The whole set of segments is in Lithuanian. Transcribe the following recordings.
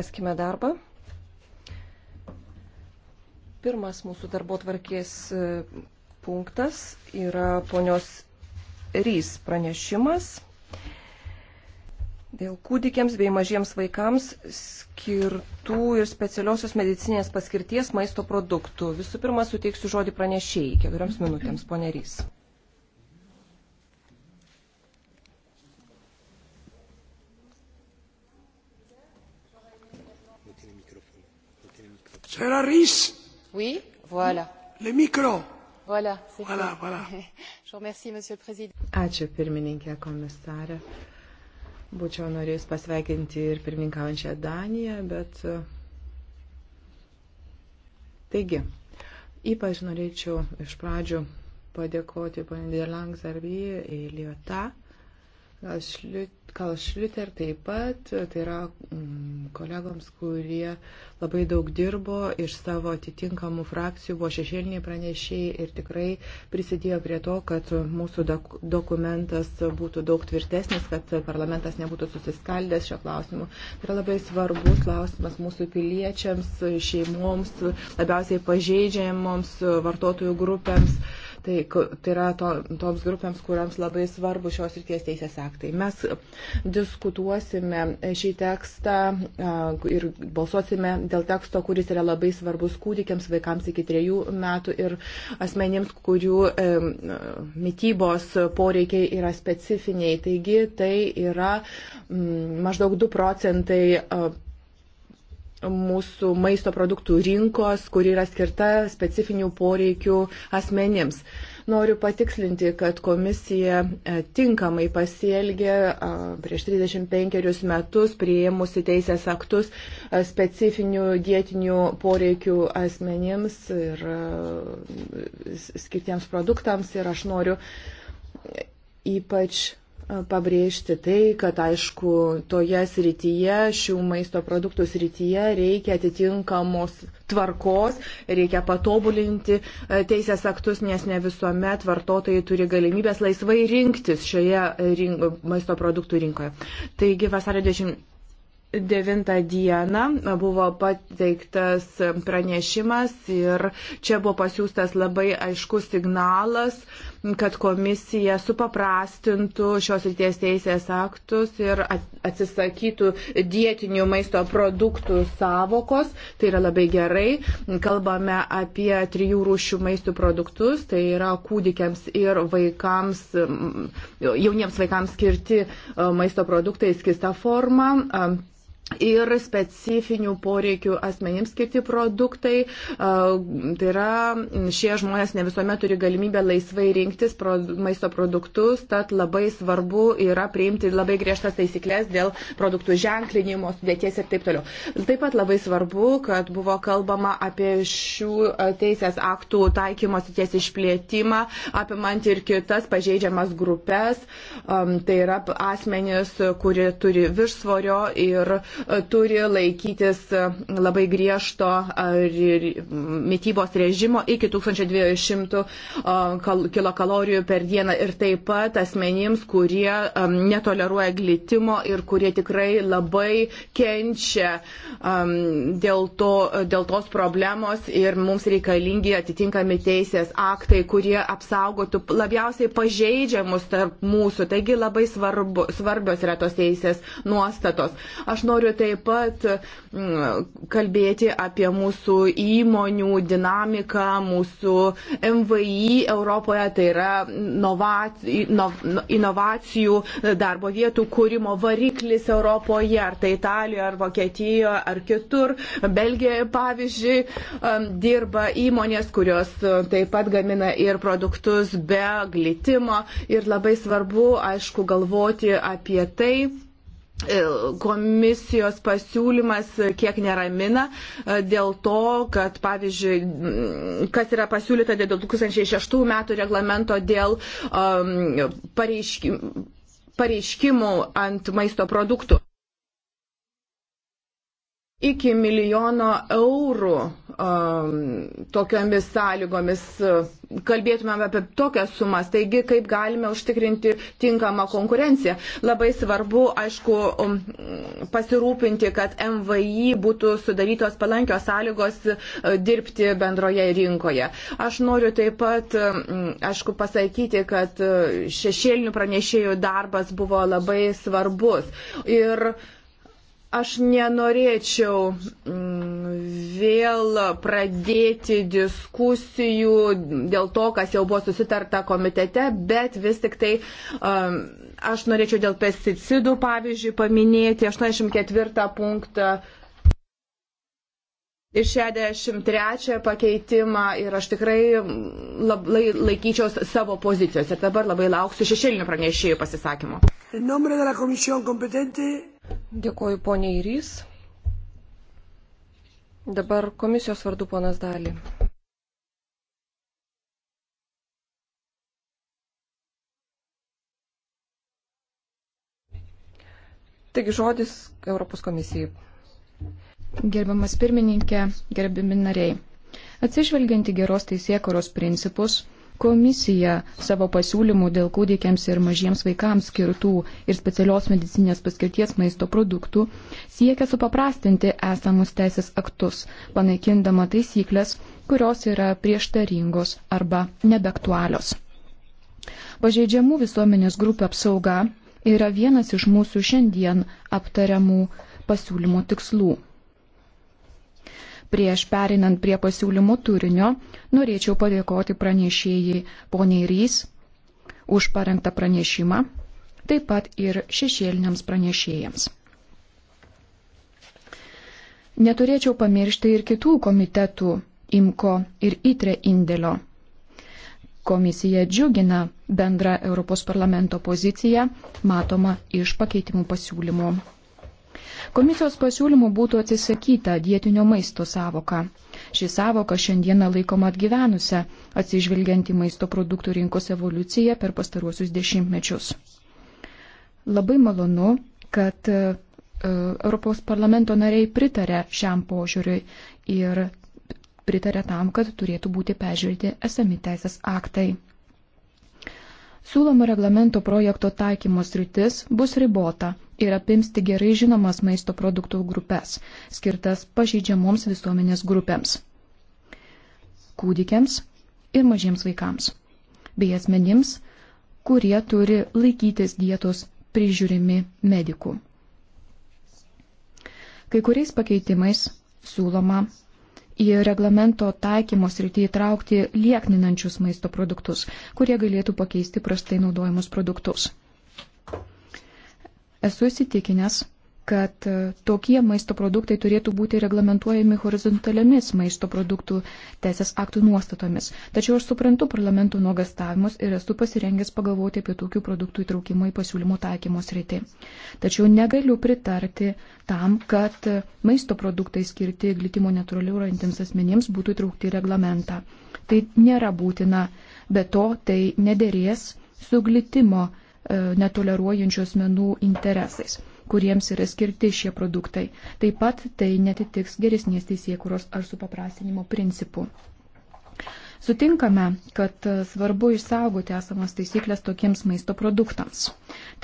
Eskime darbą. Pirmas mūsų darbo tvarkės e, punktas yra ponios Rys pranešimas dėl kūdikiams bei mažiems vaikams skirtų ir specialiosios medicinės paskirties maisto produktų. Visų pirma, suteiksiu žodį pranešėjai keturioms minutėms, ponė Rys. Sarah Rees Oui, voilà. Le micro. Voilà, voilà, voilà. Je remercie, Monsieur le Président. Ačiū, pirmininkė komisarė. Būčiau norėjus pasveikinti ir pirmininkaujančią Daniją, bet. Taigi, ypač norėčiau iš pradžių padėkoti pandėlangs Arvijai ir Liota Kalšliuter taip pat, tai yra mm, kolegoms, kurie labai daug dirbo iš savo atitinkamų frakcijų, buvo šešėliniai pranešėjai ir tikrai prisidėjo prie to, kad mūsų dokumentas būtų daug tvirtesnis, kad parlamentas nebūtų susiskaldęs šio klausimu. Tai yra labai svarbus klausimas mūsų piliečiams, šeimoms, labiausiai pažeidžiamoms vartotojų grupėms Tai, tai yra to, toms grupėms, kuriams labai svarbu šios ryties teisės aktai. Mes diskutuosime šį tekstą ir balsuosime dėl teksto, kuris yra labai svarbus kūdikiams, vaikams iki trejų metų ir asmenims, kurių e, mytybos poreikiai yra specifiniai. Taigi tai yra m, maždaug 2 procentai mūsų maisto produktų rinkos, kuri yra skirta specifinių poreikių asmenims. Noriu patikslinti, kad komisija e, tinkamai pasielgė prieš 35 metus prieimusi teisės aktus e, specifinių dietinių poreikių asmenims ir e, skirtiems produktams ir aš noriu ypač pabrėžti tai, kad aišku, toje srityje, šių maisto produktų srityje reikia atitinkamos tvarkos, reikia patobulinti teisės aktus, nes ne visuomet vartotojai turi galimybės laisvai rinktis šioje rink, maisto produktų rinkoje. Taigi vasario 10. 9 dieną buvo pateiktas pranešimas ir čia buvo pasiūstas labai aiškus signalas uh, kad komisija supaprastintų šios ryties teisės aktus ir atsisakytų dietinių maisto produktų savokos. Tai yra labai gerai. Kalbame apie trijų rūšių maisto produktus. Tai yra kūdikiams ir vaikams, jauniems vaikams skirti e, maisto produktai skista forma ir specifinių poreikių asmenims skirti produktai. Tai yra, šie žmonės ne visuomet turi galimybę laisvai rinktis maisto produktus, tad labai svarbu yra priimti labai griežtas taisyklės dėl produktų ženklinimo, sudėties ir taip toliau. Taip pat labai svarbu, kad buvo kalbama apie šių teisės aktų taikymo sudėties išplėtimą, apimant ir kitas pažeidžiamas grupės. Tai yra asmenys, kurie turi viršsvorio ir turi laikytis e, labai griežto mytybos režimo iki 1200 kilokalorijų per dieną ir taip pat asmenims, kurie netoleruoja glitimo ir kurie tikrai labai kenčia dėl, to, dėl tos problemos ir mums reikalingi atitinkami teisės aktai, kurie apsaugotų labiausiai pažeidžiamus tarp mūsų. Taigi labai svarbu, svarbios yra tos teisės nuostatos. Aš noriu noriu taip pat mm, kalbėti apie mūsų įmonių dinamiką, mūsų MVI Europoje, tai yra inovacijų e, darbo vietų kūrimo variklis Europoje, ar tai Italijoje, ar Vokietijoje, ar kitur. Belgijoje, pavyzdžiui, e, dirba įmonės, kurios e, taip pat gamina ir produktus be glitimo. Ir labai svarbu, aišku, galvoti apie tai, E, komisijos pasiūlymas e, kiek neramina e, dėl to, kad pavyzdžiui, kas yra pasiūlyta dėl 2006 metų reglamento dėl um, pareiškimų ant maisto produktų iki milijono eurų um, tokiomis sąlygomis, uh, kalbėtumėm apie tokias sumas, taigi kaip galime užtikrinti tinkamą konkurenciją. Labai svarbu, aišku, um, pasirūpinti, kad MVI būtų sudarytos palankios sąlygos uh, dirbti bendroje rinkoje. Aš noriu taip pat, um, aišku, pasakyti, kad uh, šešėlinių pranešėjų darbas buvo labai svarbus. Ir, uh, Aš nenorėčiau mm, vėl pradėti diskusijų dėl to, kas jau buvo susitarta komitete, bet vis tik tai um, aš norėčiau dėl pesticidų, pavyzdžiui, paminėti 84 punktą ir 63 pakeitimą ir aš tikrai mm, labai laikyčiaus savo pozicijos ir dabar labai lauksiu šešėlinių pranešėjų pasisakymo. Dėkuoju poniai Rys. Dabar komisijos vardu ponas Dali. Taigi žodis Europos komisijai. Gerbiamas pirmininkė, gerbiami nariai. Atsižvelgianti geros teisėkoros principus, komisija savo pasiūlymų dėl kūdikiams ir mažiems vaikams skirtų ir specialios medicinės paskirties maisto produktų siekia supaprastinti esamus teisės aktus, panaikindama taisyklės, kurios yra prieštaringos arba nebeaktualios. Pažeidžiamų visuomenės grupių apsauga yra vienas iš mūsų šiandien aptariamų pasiūlymų tikslų. Prieš perinant prie pasiūlymo turinio, norėčiau padėkoti pranešėjai poniai Rys už parengtą pranešimą, taip pat ir šešėliniams pranešėjams. Neturėčiau pamiršti ir kitų komitetų IMKO ir ITRE indėlio. Komisija džiugina bendrą Europos parlamento poziciją, matoma iš pakeitimų pasiūlymų. Komisijos pasiūlymų būtų atsisakyta dietinio maisto savoka. Ši savoka šiandieną laikoma atgyvenusią, atsižvelgiant į maisto produktų rinkos evoliuciją per pastaruosius dešimtmečius. Labai malonu, kad e, Europos parlamento nariai pritarė šiam požiūriui ir pritarė tam, kad turėtų būti peržiūrėti esami teisės aktai. Siūlomo reglamento projekto taikymos rytis bus ribota ir apimsti gerai žinomas maisto produktų grupės, skirtas pažeidžiamoms visuomenės grupėms - kūdikiams ir mažiems vaikams, bei asmenims, kurie turi laikytis dietos prižiūrimi medikų. Kai kuriais pakeitimais siūloma į reglamento taikymo sritį įtraukti liekninančius maisto produktus, kurie galėtų pakeisti prastai naudojamus produktus. Esu įsitikinęs, kad e, tokie maisto produktai turėtų būti reglamentuojami horizontaliomis maisto produktų teisės aktų nuostatomis. Tačiau aš suprantu parlamento nuogastavimus ir esu pasirengęs pagalvoti apie tokių produktų įtraukimą į pasiūlymų taikymo sritį. Tačiau negaliu pritarti tam, kad e, maisto produktai skirti glitimo natūraliuojantiems asmenims būtų įtraukti į reglamentą. Tai nėra būtina, be to tai nedėrės su glitimo E, netoleruojančių asmenų interesais, kuriems yra skirti šie produktai. Taip pat tai netitiks geresnės teisėkuros ar supaprastinimo principų. Sutinkame, kad svarbu išsaugoti esamas taisyklės tokiems maisto produktams.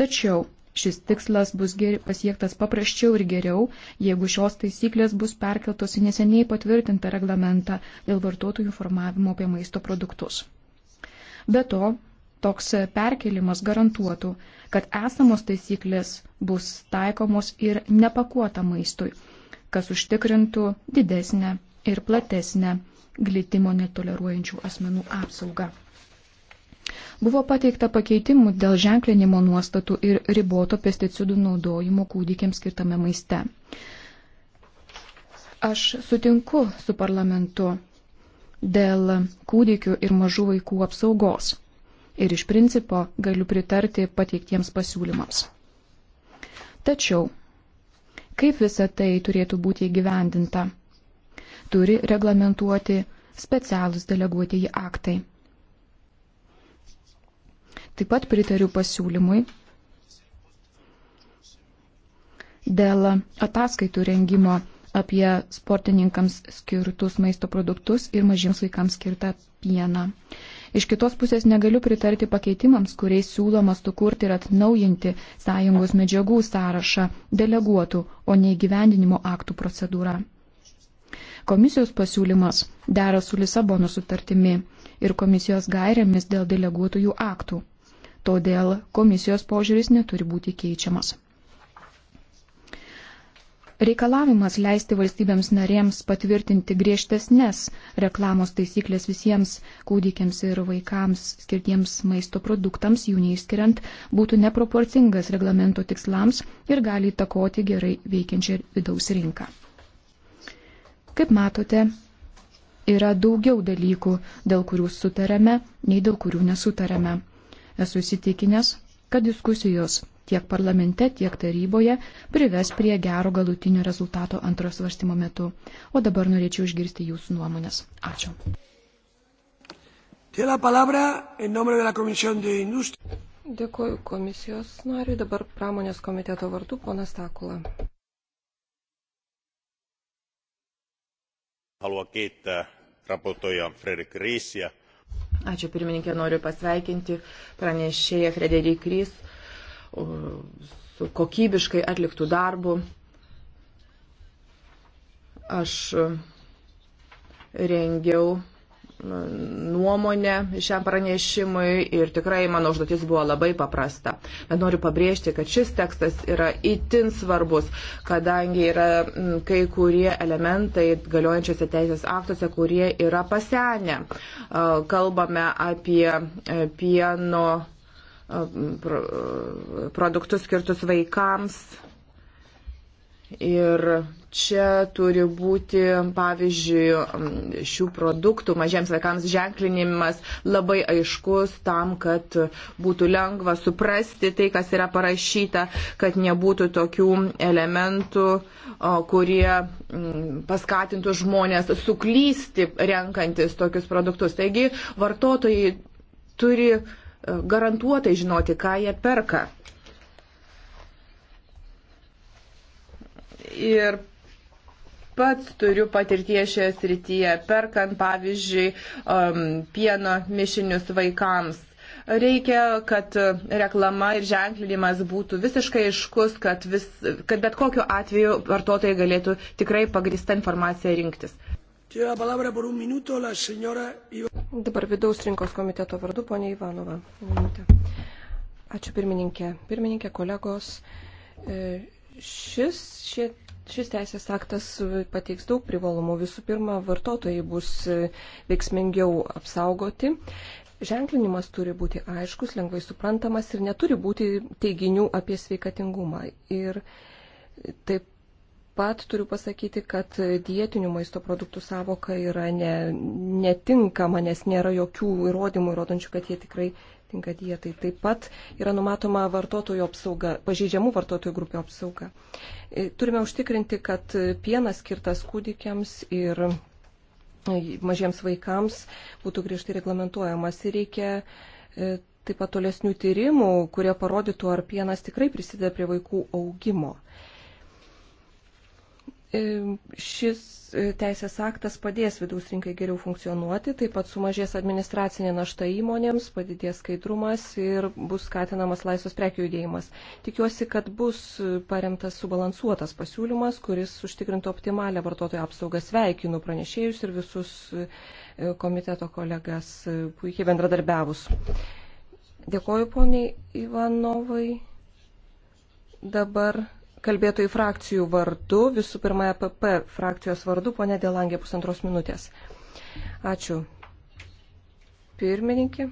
Tačiau Šis tikslas bus pasiektas paprasčiau ir geriau, jeigu šios taisyklės bus perkeltos į neseniai patvirtintą reglamentą dėl vartotojų informavimo apie maisto produktus. Be to, toks perkelimas garantuotų, kad esamos taisyklės bus taikomos ir nepakuota maistui, kas užtikrintų didesnę ir platesnę glitimo netoleruojančių asmenų apsaugą. Buvo pateikta pakeitimų dėl ženklinimo nuostatų ir riboto pesticidų naudojimo kūdikiams skirtame maiste. Aš sutinku su parlamentu dėl kūdikių ir mažų vaikų apsaugos ir iš principo galiu pritarti pateiktiems pasiūlymams. Tačiau, kaip visa tai turėtų būti įgyvendinta, turi reglamentuoti specialus deleguotieji aktai. Taip pat pritariu pasiūlymui dėl ataskaitų rengimo apie sportininkams skirtus maisto produktus ir mažiems vaikams skirtą pieną. Iš kitos pusės negaliu pritarti pakeitimams, kuriais siūloma sukurti ir atnaujinti sąjungos medžiagų sąrašą deleguotų, o ne įgyvendinimo aktų procedūrą. Komisijos pasiūlymas dera su Lisabono sutartimi ir komisijos gairėmis dėl deleguotųjų aktų. Todėl komisijos požiūris neturi būti keičiamas. Reikalavimas leisti valstybėms narėms patvirtinti griežtesnės reklamos taisyklės visiems kūdikiams ir vaikams skirtiems maisto produktams, jų neišskiriant, būtų neproporcingas reglamento tikslams ir gali įtakoti gerai veikiančią vidaus rinką. Kaip matote, yra daugiau dalykų, dėl kurių sutarėme, nei dėl kurių nesutarėme. Esu įsitikinęs, kad diskusijos tiek parlamente, tiek taryboje prives prie gero galutinio rezultato antrojo svarstymo metu. O dabar norėčiau išgirsti jūsų nuomonės. Ačiū. Dėkuoju komisijos nariui, dabar pramonės komiteto vardu ponas Takula. Haluan kiittää raportoja Fredrik Riisiä Ačiū pirmininkė, noriu pasveikinti pranešėją Frederik Rys su kokybiškai atliktų darbų. Aš rengiau nuomonę šiam pranešimui ir tikrai mano užduotis buvo labai paprasta. Bet noriu pabrėžti, kad šis tekstas yra itin svarbus, kadangi yra kai kurie elementai galiojančiose teisės aktuose, kurie yra pasenę. Kalbame apie e, pieno produktus skirtus vaikams. Ir čia turi būti, pavyzdžiui, šių produktų mažiems vaikams ženklinimas labai aiškus tam, kad būtų lengva suprasti tai, kas yra parašyta, kad nebūtų tokių elementų, kurie mm, paskatintų žmonės suklysti renkantis tokius produktus. Taigi vartotojai turi garantuotai žinoti, ką jie perka. Ir pats turiu patirties šioje srityje, perkant pavyzdžiui um, pieno mišinius vaikams reikia, kad reklama ir ženklinimas būtų visiškai aiškus, kad, vis, kad bet kokiu atveju vartotojai galėtų tikrai pagristą informaciją rinktis. Dabar vidaus rinkos komiteto vardu, ponė Ivanova. Ačiū pirmininkė. Pirmininkė, kolegos. E, šis, šie, šis teisės aktas pateiks daug privalumų. Visų pirma, vartotojai bus e, veiksmingiau apsaugoti. Ženklinimas turi būti aiškus, lengvai suprantamas ir neturi būti teiginių apie sveikatingumą. Ir taip pat turiu pasakyti, kad dietinių maisto produktų savoka yra ne, netinkama, nes nėra jokių įrodymų įrodančių, kad jie tikrai tinka dietai. Taip pat yra numatoma vartotojų apsauga, pažeidžiamų vartotojų grupių apsauga. E, turime užtikrinti, kad pienas skirtas kūdikiams ir mažiems vaikams būtų griežtai reglamentuojamas. Ir reikia e, taip pat tolesnių tyrimų, kurie parodytų, ar pienas tikrai prisideda prie vaikų augimo. E, šis e, teisės aktas padės vidaus rinkai geriau funkcionuoti, taip pat sumažės administracinė našta įmonėms, padidės skaidrumas ir bus skatinamas laisvas prekių judėjimas. Tikiuosi, kad bus paremtas subalansuotas pasiūlymas, kuris užtikrintų optimalią vartotojų apsaugą. Sveikinu pranešėjus ir visus e, komiteto kolegas puikiai bendradarbiavus. Dėkoju poniai Ivanovai. Dabar kalbėtojų frakcijų vardu, visų pirma, PP e frakcijos vardu, ponė Dėlangė, pusantros minutės. Ačiū. Pirmininkė.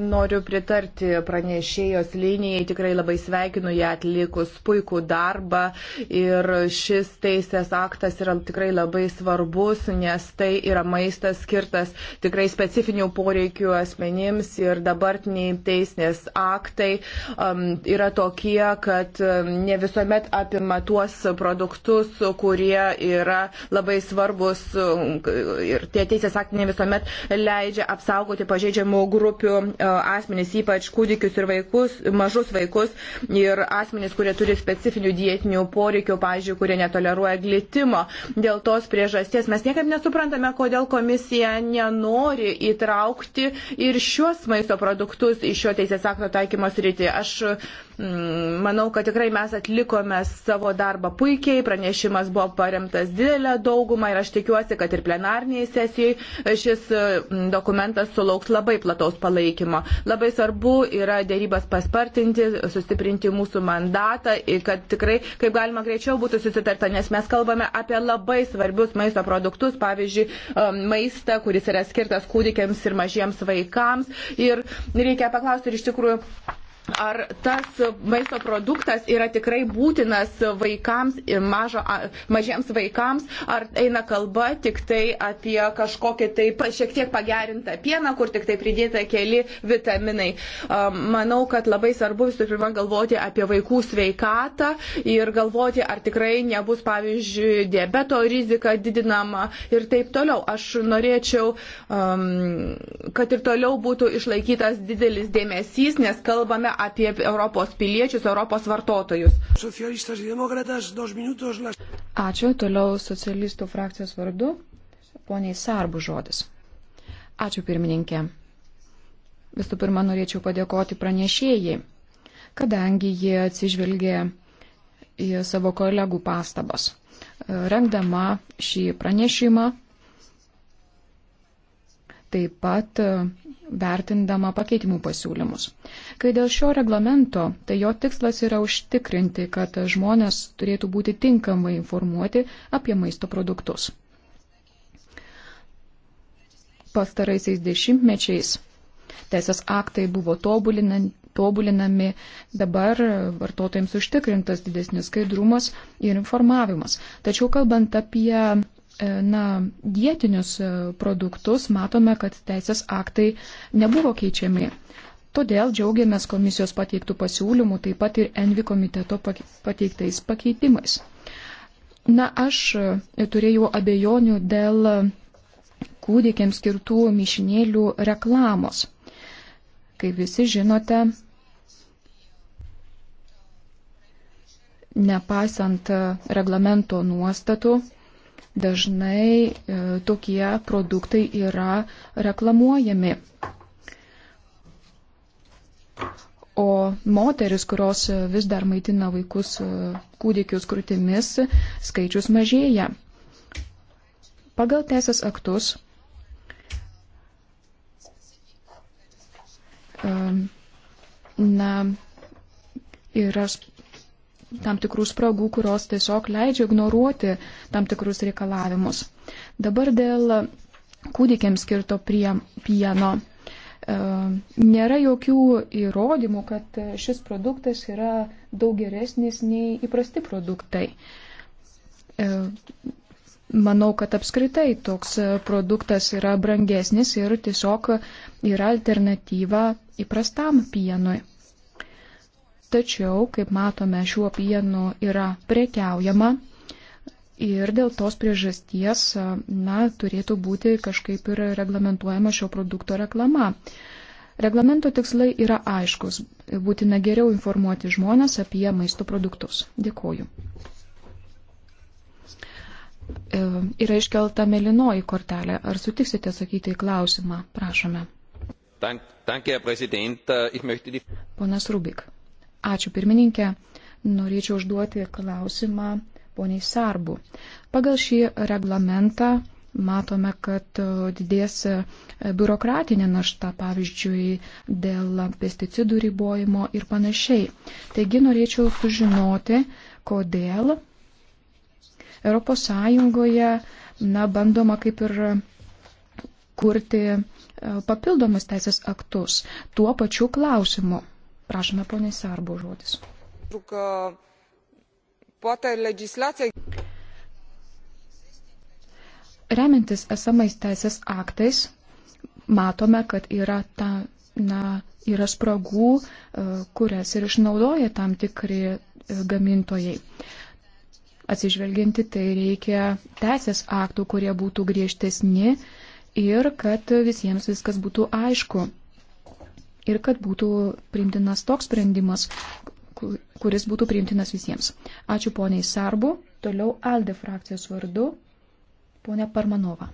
Noriu pritarti pranešėjos linijai, tikrai labai sveikinu ją atlikus puikų darbą ir šis teisės aktas yra tikrai labai svarbus, nes tai yra maistas skirtas tikrai specifinių poreikių asmenims ir dabartiniai teisės aktai um, yra tokie, kad ne visuomet apima tuos produktus, kurie yra labai svarbus ir tie teisės aktai ne visuomet leidžia apsaugoti pažeidžiamų grupių E, asmenys, ypač kūdikius ir vaikus, mažus vaikus ir asmenys, kurie turi specifinių dietinių poreikių, pavyzdžiui, kurie netoleruoja glitimo. Dėl tos priežasties mes niekaip nesuprantame, kodėl komisija nenori įtraukti ir šios maisto produktus į šio teisės akto taikymo sritį. Aš mm, manau, kad tikrai mes atlikome savo darbą puikiai, pranešimas buvo paremtas didelę daugumą ir aš tikiuosi, kad ir plenarniai sesijai šis mm, dokumentas sulauks labai plataus palaikymo palaikymo. Labai svarbu yra dėrybas paspartinti, sustiprinti mūsų mandatą, kad tikrai kaip galima greičiau būtų susitarta, nes mes kalbame apie labai svarbius maisto produktus, pavyzdžiui, um, maistą, kuris yra skirtas kūdikiams ir mažiems vaikams. Ir reikia paklausti, ir iš tikrųjų ar tas maisto produktas yra tikrai būtinas vaikams, mažo, mažiems vaikams, ar eina kalba tik tai apie kažkokį tai šiek tiek pagerintą pieną, kur tik tai pridėta keli vitaminai. Manau, kad labai svarbu visų pirma galvoti apie vaikų sveikatą ir galvoti, ar tikrai nebus, pavyzdžiui, diabeto rizika didinama ir taip toliau. Aš norėčiau, kad ir toliau būtų išlaikytas didelis dėmesys, nes kalbame apie Europos piliečius, Europos vartotojus. Ačiū. Toliau socialistų frakcijos vardu. Poniai Sarbu žodis. Ačiū pirmininkė. Visų pirma, norėčiau padėkoti pranešėjai, kadangi jie atsižvelgė į savo kolegų pastabas. Rengdama šį pranešimą, taip pat vertindama pakeitimų pasiūlymus. Kai dėl šio reglamento, tai jo tikslas yra užtikrinti, kad žmonės turėtų būti tinkamai informuoti apie maisto produktus. Pastaraisiais dešimtmečiais teisės aktai buvo tobulinami, dabar vartotojams užtikrintas didesnis skaidrumas ir informavimas. Tačiau kalbant apie E, na, dietinius e, produktus, matome, kad teisės aktai nebuvo keičiami. Todėl džiaugiamės komisijos pateiktų pasiūlymų, taip pat ir Envi komiteto pateiktais pakeitimais. Na, aš e, turėjau abejonių dėl kūdikiams skirtų mišinėlių reklamos. Kaip visi žinote, nepaisant reglamento nuostatų, dažnai e, tokie produktai yra reklamuojami. O moteris, kurios vis dar maitina vaikus e, kūdikius krūtimis, skaičius mažėja. Pagal teisės aktus e, na, yra tam tikrų spragų, kurios tiesiog leidžia ignoruoti tam tikrus reikalavimus. Dabar dėl kūdikiams skirto prie pieno. E, nėra jokių įrodymų, kad šis produktas yra daug geresnis nei įprasti produktai. E, manau, kad apskritai toks produktas yra brangesnis ir tiesiog yra alternatyva įprastam pienui. Tačiau, kaip matome, šiuo pienu yra prekiaujama ir dėl tos priežasties, na, turėtų būti kažkaip ir reglamentuojama šio produkto reklama. Reglamento tikslai yra aiškus - būtina geriau informuoti žmonės apie maisto produktus. Dėkoju. E, yra iškelta melinoji kortelė. Ar sutiksite atsakyti į klausimą? Prašome. Dank, danke, Herr Präsident. Äh, ich möchte die... Ponas Rubik. Ačiū pirmininkė. Norėčiau užduoti klausimą poniai Sarbu. Pagal šį reglamentą matome, kad e, didės e, biurokratinė našta, pavyzdžiui, dėl pesticidų ribojimo ir panašiai. Taigi norėčiau sužinoti, kodėl ES na, bandoma kaip ir kurti e, papildomus teisės aktus tuo pačiu klausimu. Prašome, ponė Sarbo žodis. Remiantis esamais teisės aktais, matome, kad yra ta, na, yra spragų, e, kurias ir išnaudoja tam tikri e, gamintojai. Atsižvelginti tai reikia teisės aktų, kurie būtų griežtesni ir kad visiems viskas būtų aišku ir kad būtų priimtinas toks sprendimas, kuris būtų priimtinas visiems. Ačiū poniai Sarbu, toliau Alde frakcijos vardu, ponia Parmanova.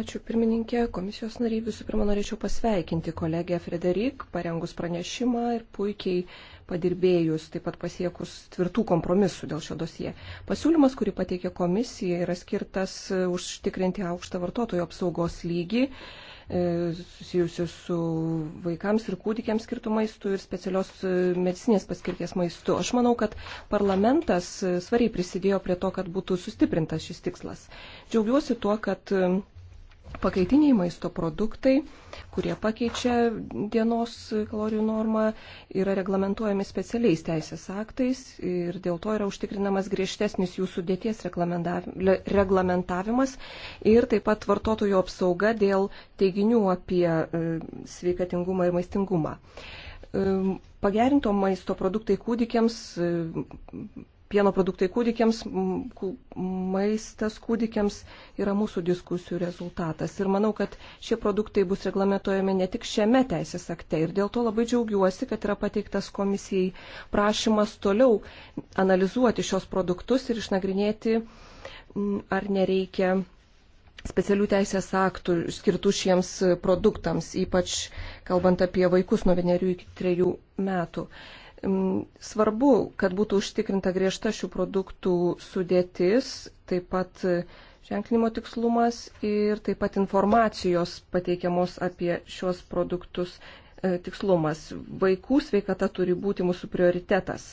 Ačiū pirmininkė, komisijos nariai visų pirma norėčiau pasveikinti kolegę Frederik, parengus pranešimą ir puikiai padirbėjus, taip pat pasiekus tvirtų kompromisų dėl šio dosie. Pasiūlymas, kurį pateikė komisija, yra skirtas užtikrinti aukštą vartotojų apsaugos lygį E, susijusius su vaikams ir kūdikiams skirtų maistų ir specialios e, medicinės paskirties maistu. Aš manau, kad parlamentas e, svariai prisidėjo prie to, kad būtų sustiprintas šis tikslas. Džiaugiuosi tuo, kad pakaitiniai maisto produktai, kurie pakeičia dienos kalorijų normą, yra reglamentuojami specialiais teisės aktais ir dėl to yra užtikrinamas griežtesnis jų sudėties reglamentavimas ir taip pat vartotojų apsauga dėl teiginių apie e, sveikatingumą ir maistingumą e, pagerinto maisto produktai kūdikiams e, pieno produktai kūdikiams, maistas kūdikiams yra mūsų diskusijų rezultatas. Ir manau, kad šie produktai bus reglamentojami ne tik šiame teisės akte. Ir dėl to labai džiaugiuosi, kad yra pateiktas komisijai prašymas toliau analizuoti šios produktus ir išnagrinėti, ar nereikia specialių teisės aktų skirtų šiems produktams, ypač kalbant apie vaikus nuo vienerių iki trejų metų. Svarbu, kad būtų užtikrinta griežta šių produktų sudėtis, taip pat ženklinimo tikslumas ir taip pat informacijos pateikiamos apie šios produktus e, tikslumas. Vaikų sveikata turi būti mūsų prioritetas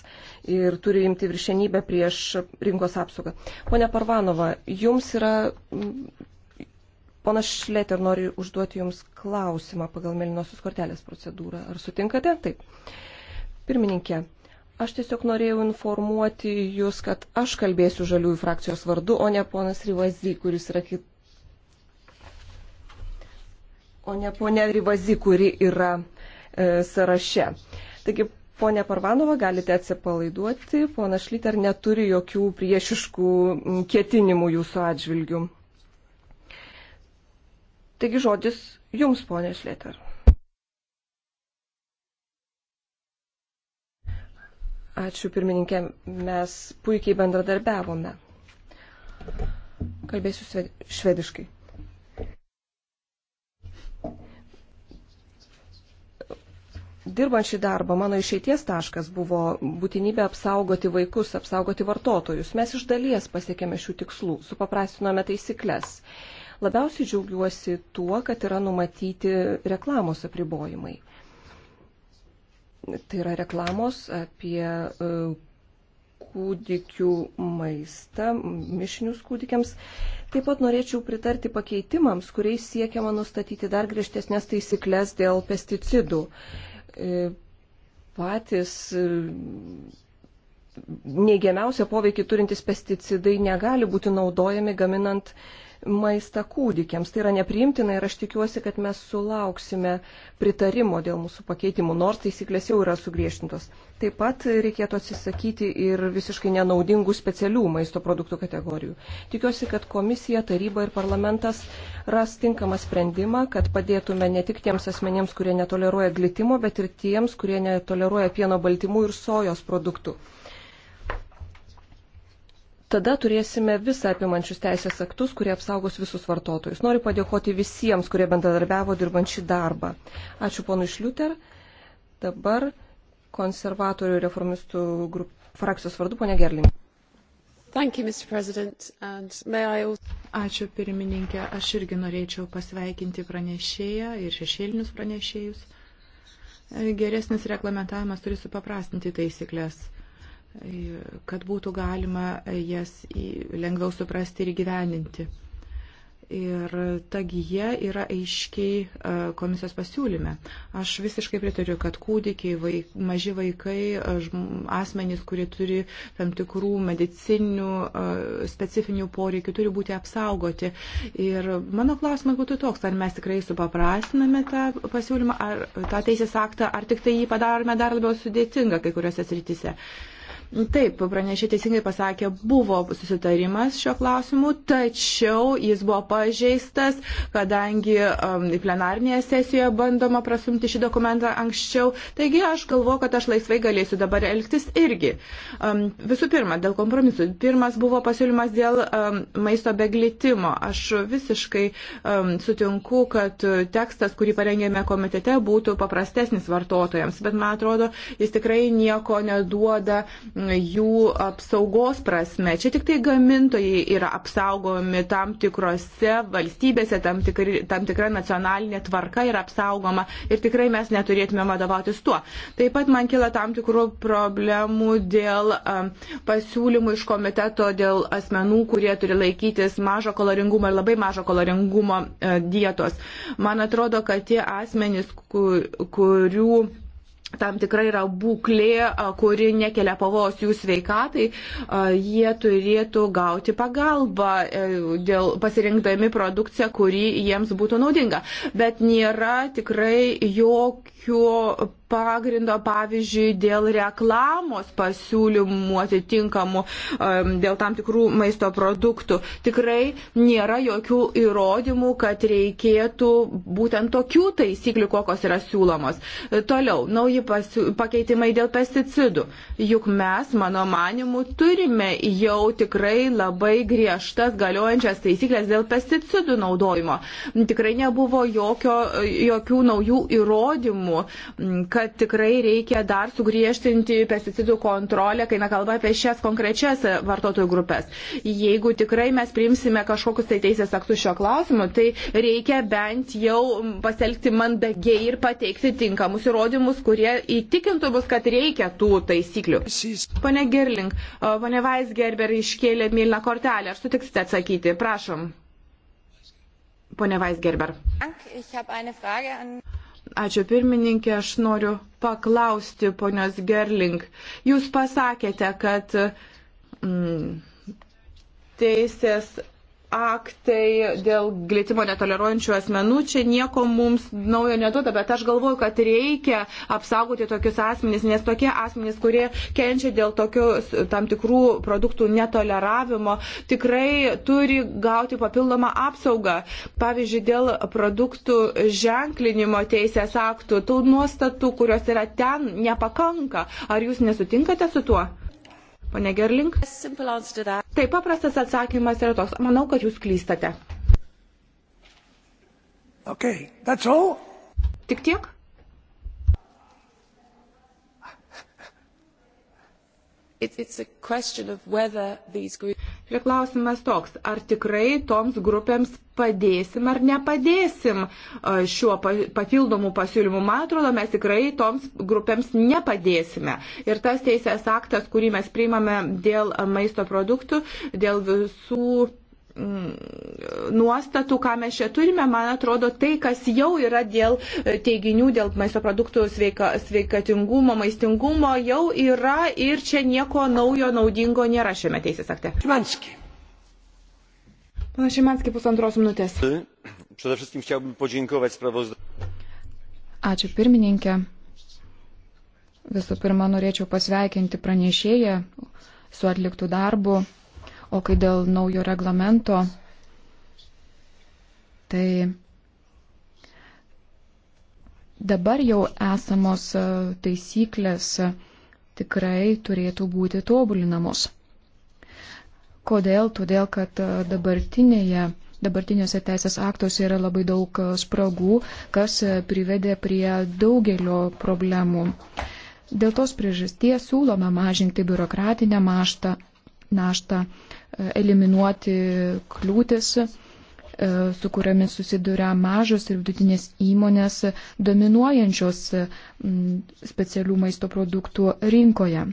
ir turi imti viršenybę prieš rinkos apsaugą. Pone Parvanova, jums yra. Pana Šleter nori užduoti Jums klausimą pagal Melinosios kortelės procedūrą. Ar sutinkate? Taip. Pirmininkė, aš tiesiog norėjau informuoti Jūs, kad aš kalbėsiu žaliųjų frakcijos vardu, o ne ponas Rivazy, kuris yra kit... O ne ponė Rivazy, kuri yra e, sąraše. Taigi, Pone Parvanova, galite atsipalaiduoti, pona Šlyter neturi jokių priešiškų ketinimų jūsų atžvilgių. Taigi žodis jums, ponė Šlyter. Ačiū pirmininkė, mes puikiai bendradarbiavome. Kalbėsiu švediškai. Dirbant šį darbą, mano išeities taškas buvo būtinybė apsaugoti vaikus, apsaugoti vartotojus. Mes iš dalies pasiekėme šių tikslų, supaprastinome taisyklės. Labiausiai džiaugiuosi tuo, kad yra numatyti reklamos apribojimai. Tai yra reklamos apie e, kūdikių maistą, mišinius kūdikiams. Taip pat norėčiau pritarti pakeitimams, kuriais siekiama nustatyti dar griežtesnės taisyklės dėl pesticidų. E, patys e, neigiamiausia poveikia turintis pesticidai negali būti naudojami gaminant maistą kūdikiams. Tai yra nepriimtina ir aš tikiuosi, kad mes sulauksime pritarimo dėl mūsų pakeitimų, nors taisyklės jau yra sugriežtintos. Taip pat reikėtų atsisakyti ir visiškai nenaudingų specialių maisto produktų kategorijų. Tikiuosi, kad komisija, taryba ir parlamentas ras tinkamą sprendimą, kad padėtume ne tik tiems asmenėms, kurie netoleruoja glitimo, bet ir tiems, kurie netoleruoja pieno baltymų ir sojos produktų tada turėsime visą apimančius teisės aktus, kurie apsaugos visus vartotojus. Noriu padėkoti visiems, kurie bendradarbiavo dirbant šį darbą. Ačiū ponui Šliuter. Dabar konservatorių ir reformistų grup, frakcijos vardu ponė Gerlin. You, also... Ačiū pirmininkė. Aš irgi norėčiau pasveikinti pranešėją ir šešėlinius pranešėjus. Geresnis reglamentavimas turi supaprastinti taisyklės kad būtų galima jas lengviau suprasti ir gyveninti. Ir ta gyja yra aiškiai e, komisijos pasiūlyme. Aš visiškai pritariu, kad kūdikiai, vaik, maži vaikai, e, asmenys, kurie turi tam tikrų medicinių, e, specifinių poreikių, turi būti apsaugoti. Ir mano klausimas būtų toks, ar mes tikrai supaprastiname tą pasiūlymą, ar tą teisės aktą, ar tik tai jį padarome dar labiau sudėtingą kai kuriuose srityse. Uh, Taip, pranešė teisingai pasakė, buvo susitarimas šio klausimu, tačiau jis buvo pažeistas, kadangi um, plenarnėje sesijoje bandoma prasumti šį dokumentą anksčiau. Taigi aš galvoju, kad aš laisvai galėsiu dabar elgtis irgi. Um, visų pirma, dėl kompromisų. Pirmas buvo pasiūlymas dėl um, maisto beglitimo. Aš visiškai um, sutinku, kad tekstas, kurį parengėme komitete, būtų paprastesnis vartotojams, bet man atrodo, jis tikrai nieko neduoda jų apsaugos prasme. Čia tik tai gamintojai yra apsaugomi tam tikrose valstybėse, tam, tikri, tam tikra nacionalinė tvarka yra apsaugoma ir tikrai mes neturėtume vadovautis tuo. Taip pat man kila tam tikrų problemų dėl um, pasiūlymų iš komiteto dėl asmenų, kurie turi laikytis mažo koloringumo ir labai mažo koloringumo uh, dietos. Man atrodo, kad tie asmenys, kur, kurių tam tikra yra būklė, kuri nekelia pavojus jų sveikatai, jie turėtų gauti pagalbą e, dėl pasirinkdami produkciją, kuri jiems būtų naudinga. Bet nėra tikrai jokio pagrindo, pavyzdžiui, dėl reklamos pasiūlymų atitinkamų, um, dėl tam tikrų maisto produktų. Tikrai nėra jokių įrodymų, kad reikėtų būtent tokių taisyklių, kokios yra siūlomos. Toliau, nauji pasiū... pakeitimai dėl pesticidų. Juk mes, mano manimu, turime jau tikrai labai griežtas galiojančias taisyklės dėl pesticidų naudojimo. Tikrai nebuvo jokio, jokių naujų įrodymų, kad kad tikrai reikia dar sugriežtinti pesticidų kontrolę, kai nekalba apie šias konkrečias e, vartotojų grupės. Jeigu tikrai mes priimsime kažkokius tai teisės aktus šio klausimu, tai reikia bent jau pasielgti mandagiai ir pateikti tinkamus įrodymus, kurie įtikintų bus, kad reikia tų taisyklių. Pone Gerling, e, pone Weisgerber iškėlė mylną kortelę. Ar sutiksite atsakyti? Prašom. Pone Weisgerber. Dank. Ich habe eine Frage an Ačiū pirmininkė, aš noriu paklausti ponios Gerling. Jūs pasakėte, kad mm, teisės aktai dėl glitimo netoleruojančių asmenų, čia nieko mums naujo neduoda, bet aš galvoju, kad reikia apsaugoti tokius asmenys, nes tokie asmenys, kurie kenčia dėl tokių tam tikrų produktų netoleravimo, tikrai turi gauti papildomą apsaugą. Pavyzdžiui, dėl produktų ženklinimo teisės aktų, tų nuostatų, kurios yra ten, nepakanka. Ar jūs nesutinkate su tuo? Pane Gerling? Taip, paprastas atsakymas yra toks. Manau, kad jūs klystate. Okay, Tik tiek? Ir klausimas toks, ar tikrai toms grupėms padėsim ar nepadėsim e, šiuo papildomu pasiūlymu. Man atrodo, mes tikrai toms grupėms nepadėsime. Ir tas teisės aktas, kurį mes priimame dėl maisto produktų, dėl visų Mm, nuostatų, ką mes čia turime, man atrodo, tai, kas jau yra dėl e, teiginių, dėl maisto produktų sveika, sveikatingumo, maistingumo, jau yra ir čia nieko naujo, naudingo nėra šiame teisės akte. Šimanski. Pana Šimanski, pusantros minutės. E, Ačiū pirmininkė. Visų pirma, norėčiau pasveikinti pranešėją su atliktų darbų O kai dėl naujo reglamento, tai dabar jau esamos e, taisyklės tikrai turėtų būti tobulinamos. Kodėl? Todėl, kad e, dabartinėje, dabartiniuose teisės aktuose yra labai daug e, spragų, kas privedė prie daugelio problemų. Dėl tos priežasties siūlome mažinti biurokratinę maštą, naštą, e, eliminuoti kliūtis, e, su kuriamis susiduria mažos ir vidutinės įmonės dominuojančios specialių maisto produktų rinkoje.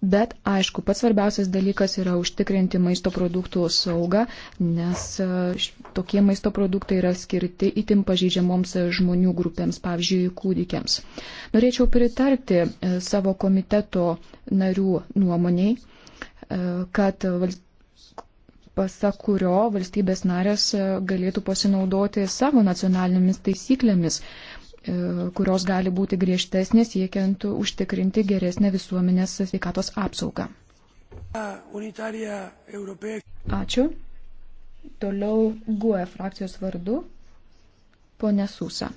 Bet, aišku, pats svarbiausias dalykas yra užtikrinti maisto produktų saugą, nes e, tokie maisto produktai yra skirti itin pažydžiamoms e, žmonių grupėms, pavyzdžiui, kūdikiams. Norėčiau pritarti e, savo komiteto narių nuomoniai, kad pasak kurio valstybės narės galėtų pasinaudoti savo nacionalinėmis taisyklėmis, E, kurios gali būti griežtesnės, siekiant užtikrinti geresnę visuomenės sveikatos apsaugą. Ačiū. Toliau GUE frakcijos vardu. Pone Susa.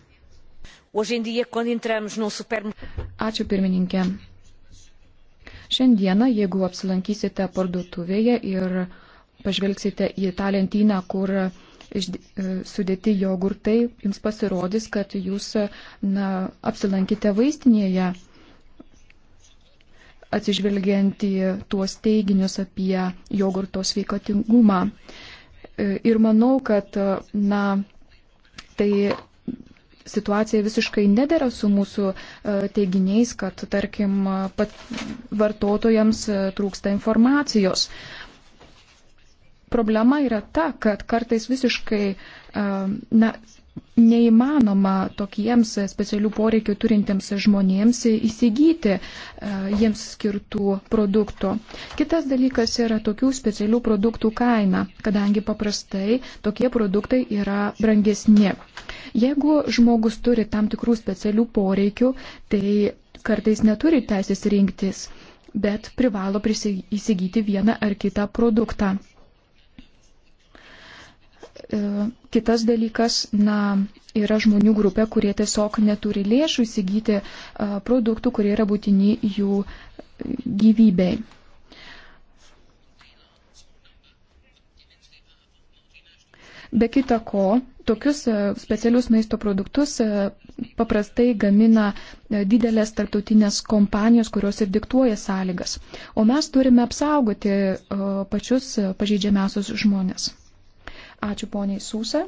Ačiū pirmininkė. Šiandieną, jeigu apsilankysite parduotuvėje ir pažvelgsite į tą lentyną, kur E, sudėti jogurtai, jums pasirodys, kad jūs e, na, apsilankite vaistinėje, atsižvelgiant į tuos teiginius apie jogurto sveikatingumą. E, ir manau, kad na, tai situacija visiškai nedėra su mūsų teiginiais, kad, tarkim, vartotojams trūksta informacijos. Problema yra ta, kad kartais visiškai e, na, neįmanoma tokiems specialių poreikių turintiems žmonėms įsigyti e, jiems skirtų produktų. Kitas dalykas yra tokių specialių produktų kaina, kadangi paprastai tokie produktai yra brangesni. Jeigu žmogus turi tam tikrų specialių poreikių, tai kartais neturi teisės rinktis, bet privalo įsigyti vieną ar kitą produktą. E, kitas dalykas, na, yra žmonių grupė, kurie tiesiog neturi lėšų įsigyti e, produktų, kurie yra būtini jų gyvybei. Be kita ko, tokius e, specialius maisto produktus paprastai gamina didelės tarptautinės kompanijos, kurios ir diktuoja sąlygas. O mes turime apsaugoti pačius pažeidžiamiausius žmonės. Ačiū poniai Sūsa.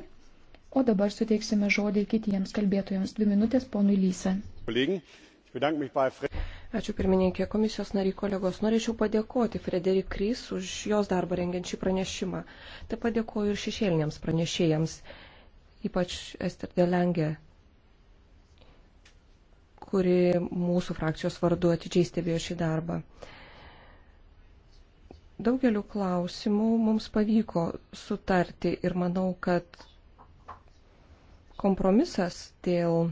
O dabar suteiksime žodį kitiems kalbėtojams. Dvi minutės ponui Lyse. Ačiū pirmininkė komisijos nariai kolegos. Norėčiau padėkoti Frederik Krys už jos darbą rengiant šį pranešimą. Taip padėkoju ir šešėliniams pranešėjams, ypač Ester Delengė, kuri mūsų frakcijos vardu atidžiai stebėjo šį darbą daugeliu klausimų mums pavyko sutarti ir manau, kad kompromisas dėl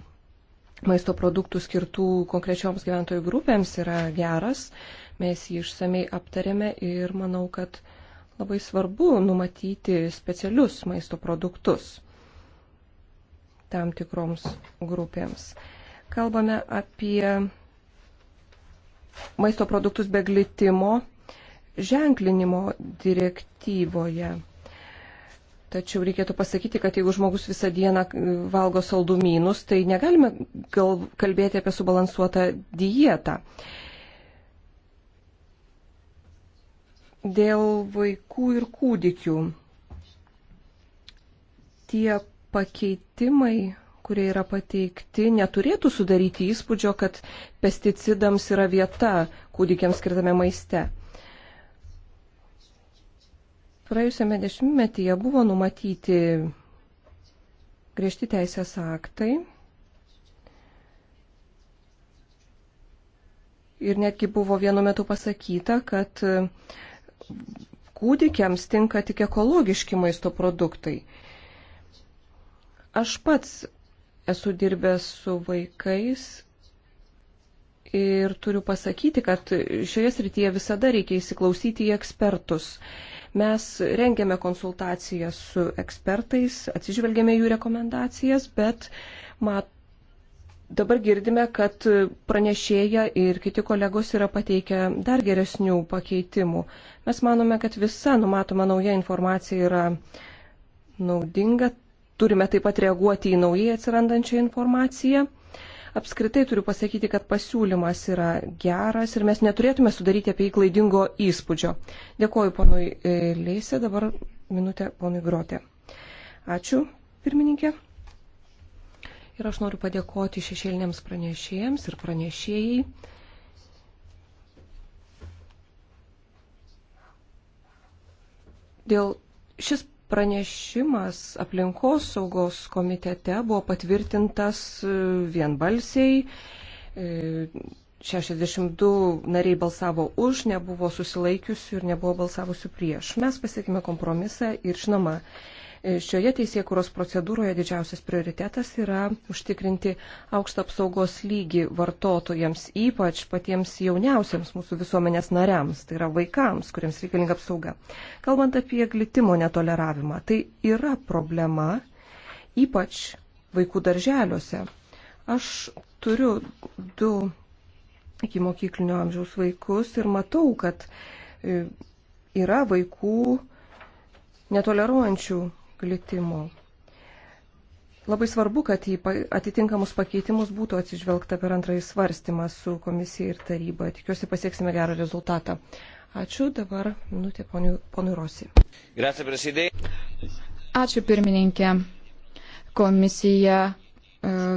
maisto produktų skirtų konkrečioms gyventojų grupėms yra geras. Mes jį išsamei aptarėme ir manau, kad labai svarbu numatyti specialius maisto produktus tam tikroms grupėms. Kalbame apie maisto produktus be glitimo ženklinimo direktyvoje. Tačiau reikėtų pasakyti, kad jeigu žmogus visą dieną e, valgo saldumynus, tai negalime gal kalbėti apie subalansuotą dietą. Dėl vaikų ir kūdikių tie pakeitimai, kurie yra pateikti, neturėtų sudaryti įspūdžio, kad pesticidams yra vieta kūdikiams skirtame maiste. Praėjusiame dešimtmetyje buvo numatyti griežti teisės aktai ir netgi buvo vienu metu pasakyta, kad kūdikiams tinka tik ekologiški maisto produktai. Aš pats esu dirbęs su vaikais ir turiu pasakyti, kad šioje srityje visada reikia įsiklausyti į ekspertus. Mes rengiame konsultacijas su ekspertais, atsižvelgiame jų rekomendacijas, bet mat, dabar girdime, kad pranešėja ir kiti kolegos yra pateikę dar geresnių pakeitimų. Mes manome, kad visa numatoma nauja informacija yra naudinga. Turime taip pat reaguoti į naujai atsirandančią informaciją. Apskritai turiu pasakyti, kad pasiūlymas yra geras ir mes neturėtume sudaryti apie jį klaidingo įspūdžio. Dėkoju ponui e, Leisė, dabar minutė ponui Grotė. Ačiū, pirmininkė. Ir aš noriu padėkoti šešėliniams pranešėjams ir pranešėjai. Dėl šis pranešimas aplinkos saugos komitete buvo patvirtintas e, vienbalsiai. 62 e, nariai balsavo už, nebuvo susilaikiusių ir nebuvo balsavusių prieš. Mes pasiekime kompromisą ir žinoma, Šioje teisėkuros procedūroje didžiausias prioritetas yra užtikrinti aukštą apsaugos lygį vartotojams, ypač patiems jauniausiams mūsų visuomenės nariams, tai yra vaikams, kuriems reikalinga apsauga. Kalbant apie glitimo netoleravimą, tai yra problema, ypač vaikų darželiuose. Aš turiu du iki mokyklinio amžiaus vaikus ir matau, kad e, yra vaikų netoleruojančių plitimų. Labai svarbu, kad į atitinkamus pakeitimus būtų atsižvelgta per antrąjį svarstymą su komisija ir taryba. Tikiuosi pasieksime gerą rezultatą. Ačiū dabar, minutė ponui Rosi. Ačiū pirmininkė. Komisija e,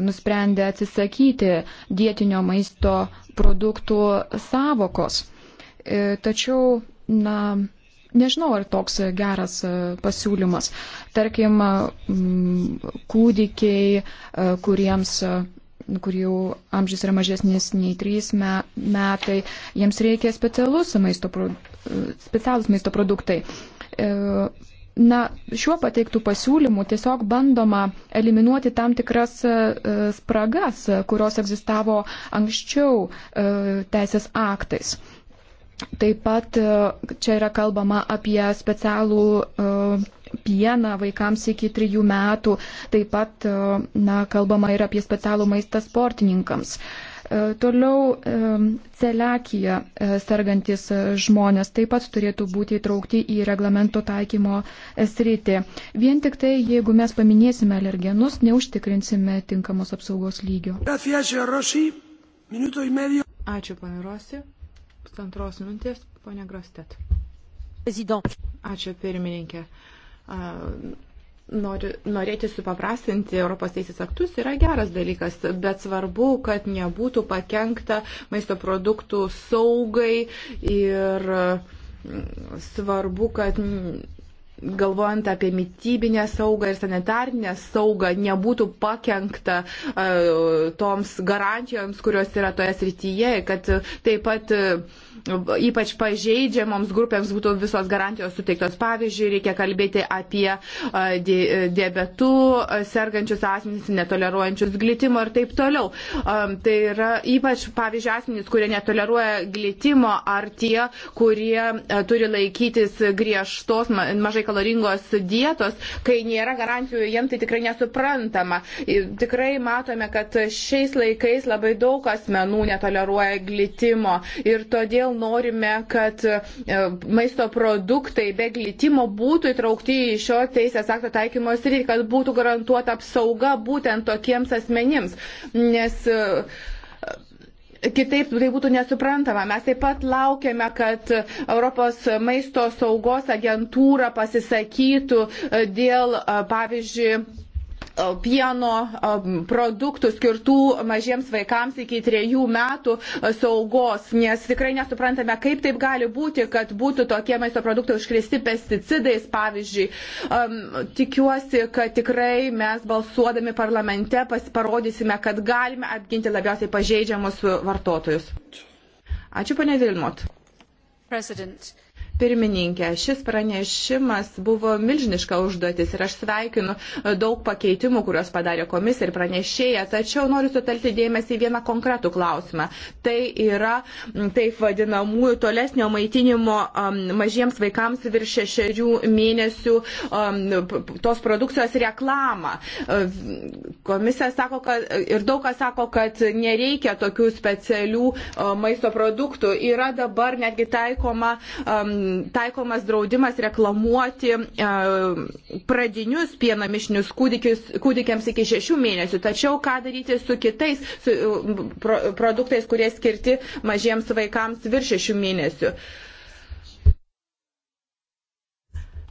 nusprendė atsisakyti dietinio maisto produktų savokos. E, tačiau, na, Nežinau, ar toks geras e, pasiūlymas. Tarkim, e, kūdikiai, e, kuriems kurių amžius yra mažesnis nei 3 metai, jiems reikia specialus maisto, specialus maisto produktai. Na, šiuo pateiktų pasiūlymų tiesiog bandoma eliminuoti tam tikras spragas, kurios egzistavo anksčiau teisės aktais. Taip pat e, čia yra kalbama apie specialų e, pieną vaikams iki trijų metų, taip pat e, na, kalbama ir apie specialų maistą sportininkams. Toliau celiakija sergantis žmonės taip pat turėtų būti įtraukti į reglamento taikymo sritį. Vien tik tai, jeigu mes paminėsime alergenus, neužtikrinsime tinkamos apsaugos lygio. Ačiū, panė Rosi pusantros minutės, ponia Grostet. Ačiū pirmininkė. Nori, norėti supaprastinti Europos teisės aktus yra geras dalykas, bet svarbu, kad nebūtų pakengta maisto produktų saugai ir svarbu, kad galvojant apie mytybinę saugą ir sanitarinę saugą, nebūtų pakengta uh, e, toms garantijoms, kurios yra toje srityje, kad taip pat uh, ypač pažeidžiamoms grupėms būtų visos garantijos suteiktos. Pavyzdžiui, reikia kalbėti apie uh, di diabetų sergančius asmenys, netoleruojančius glitimo ir taip toliau. Um, tai yra ypač, pavyzdžiui, asmenys, kurie netoleruoja glitimo ar tie, kurie uh, turi laikytis griežtos, mažai reikalingos dietos, kai nėra garantijų jiems, tai tikrai nesuprantama. Tikrai matome, kad šiais laikais labai daug asmenų netoleruoja glitimo ir todėl norime, kad e, maisto produktai be glitimo būtų įtraukti į šio teisės akto taikymo sritį, kad būtų garantuota apsauga būtent tokiems asmenims. Nes e, Kitaip tai būtų nesuprantama. Mes taip pat laukiame, kad Europos maisto saugos agentūra pasisakytų e, dėl, e, pavyzdžiui, pieno produktų skirtų mažiems vaikams iki trejų metų saugos, nes tikrai nesuprantame, kaip taip gali būti, kad būtų tokie maisto produktai užkristi pesticidais, pavyzdžiui. Um, tikiuosi, kad tikrai mes balsuodami parlamente parodysime, kad galime apginti labiausiai pažeidžiamus vartotojus. Ačiū, ponė Vilmot. President pirmininkė. Šis pranešimas buvo milžiniška užduotis ir aš sveikinu e, daug pakeitimų, kuriuos padarė komisija ir pranešėja, tačiau noriu sutelti dėmesį į vieną konkretų klausimą. Tai yra taip vadinamųjų tolesnio maitinimo um, mažiems vaikams virš šešių mėnesių um, tos produkcijos reklamą. E, komisija sako, kad ir daug kas sako, kad nereikia tokių specialių um, maisto produktų. Yra dabar netgi taikoma um, taikomas draudimas reklamuoti e, pradinius pieno mišinius kūdikiams iki šešių mėnesių. Tačiau ką daryti su kitais su, e, pro, produktais, kurie skirti mažiems vaikams virš šešių mėnesių?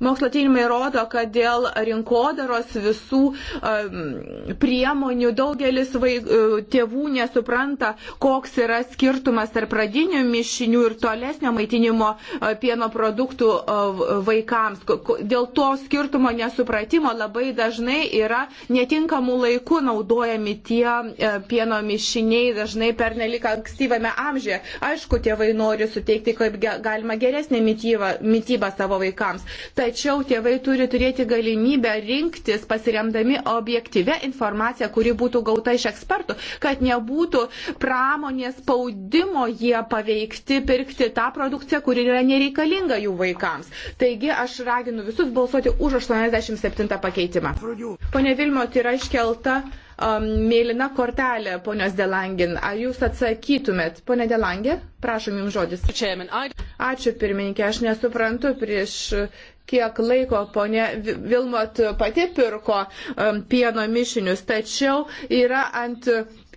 Mokslo tyrimai rodo, kad dėl rinkodaros visų um, priemonių daugelis vaik, e, tėvų nesupranta, koks yra skirtumas tarp pradinių mišinių ir tolesnio maitinimo e, pieno produktų e, vaikams. Dėl to skirtumo nesupratimo labai dažnai yra netinkamų laikų naudojami tie pieno mišiniai, dažnai per nelik ankstyvame amžiuje. Aišku, tėvai nori suteikti kaip galima geresnę mytybą, mytybą savo vaikams. Tačiau Tačiau tėvai turi turėti galimybę rinktis pasiremdami objektyvę informaciją, kuri būtų gauta iš ekspertų, kad nebūtų pramonės spaudimo jie paveikti pirkti tą produkciją, kuri yra nereikalinga jų vaikams. Taigi aš raginu visus balsuoti už 87 pakeitimą. Pone Vilmo, tai yra iškelta um, mėlyna kortelė, ponios Delangin. Ar jūs atsakytumėt? Pone Delangė, prašom jums žodis. Ačiū pirmininkė, aš nesuprantu prieš kiek laiko ponė Vilmot pati pirko um, pieno mišinius, tačiau yra ant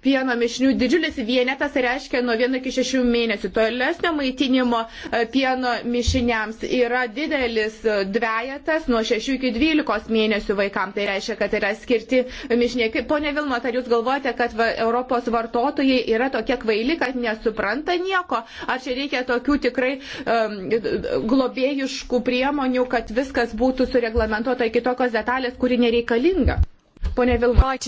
pieno mišinių didžiulis vienetas reiškia nuo 1 iki 6 mėnesių. Tolesnio maitinimo e, pieno mišiniams yra didelis e, dvejetas nuo 6 iki 12 mėnesių vaikams. Tai reiškia, kad yra skirti mišiniai. Pone Vilmo, ar jūs galvojate, kad va, Europos vartotojai yra tokie kvaili, kad nesupranta nieko? Ar čia reikia tokių tikrai um, globėjiškų priemonių, kad viskas būtų sureglamentuota iki tokios detalės, kuri nereikalinga? Pone Vilma.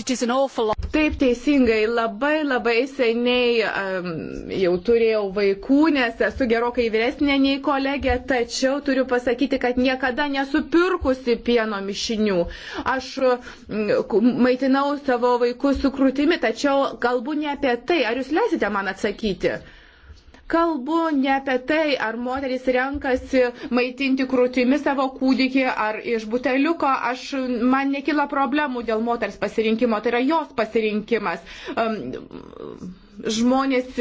Taip teisingai, labai labai seniai um, jau turėjau vaikų, nes esu gerokai vyresnė nei kolegė, tačiau turiu pasakyti, kad niekada nesupirkusi pieno mišinių. Aš mm, maitinau savo vaikus su krūtimi, tačiau kalbu ne apie tai. Ar jūs leisite man atsakyti? kalbu ne apie tai, ar moteris renkasi maitinti krūtimi savo kūdikį ar iš buteliuko. Aš, man nekila problemų dėl moters pasirinkimo, tai yra jos pasirinkimas. Um, žmonės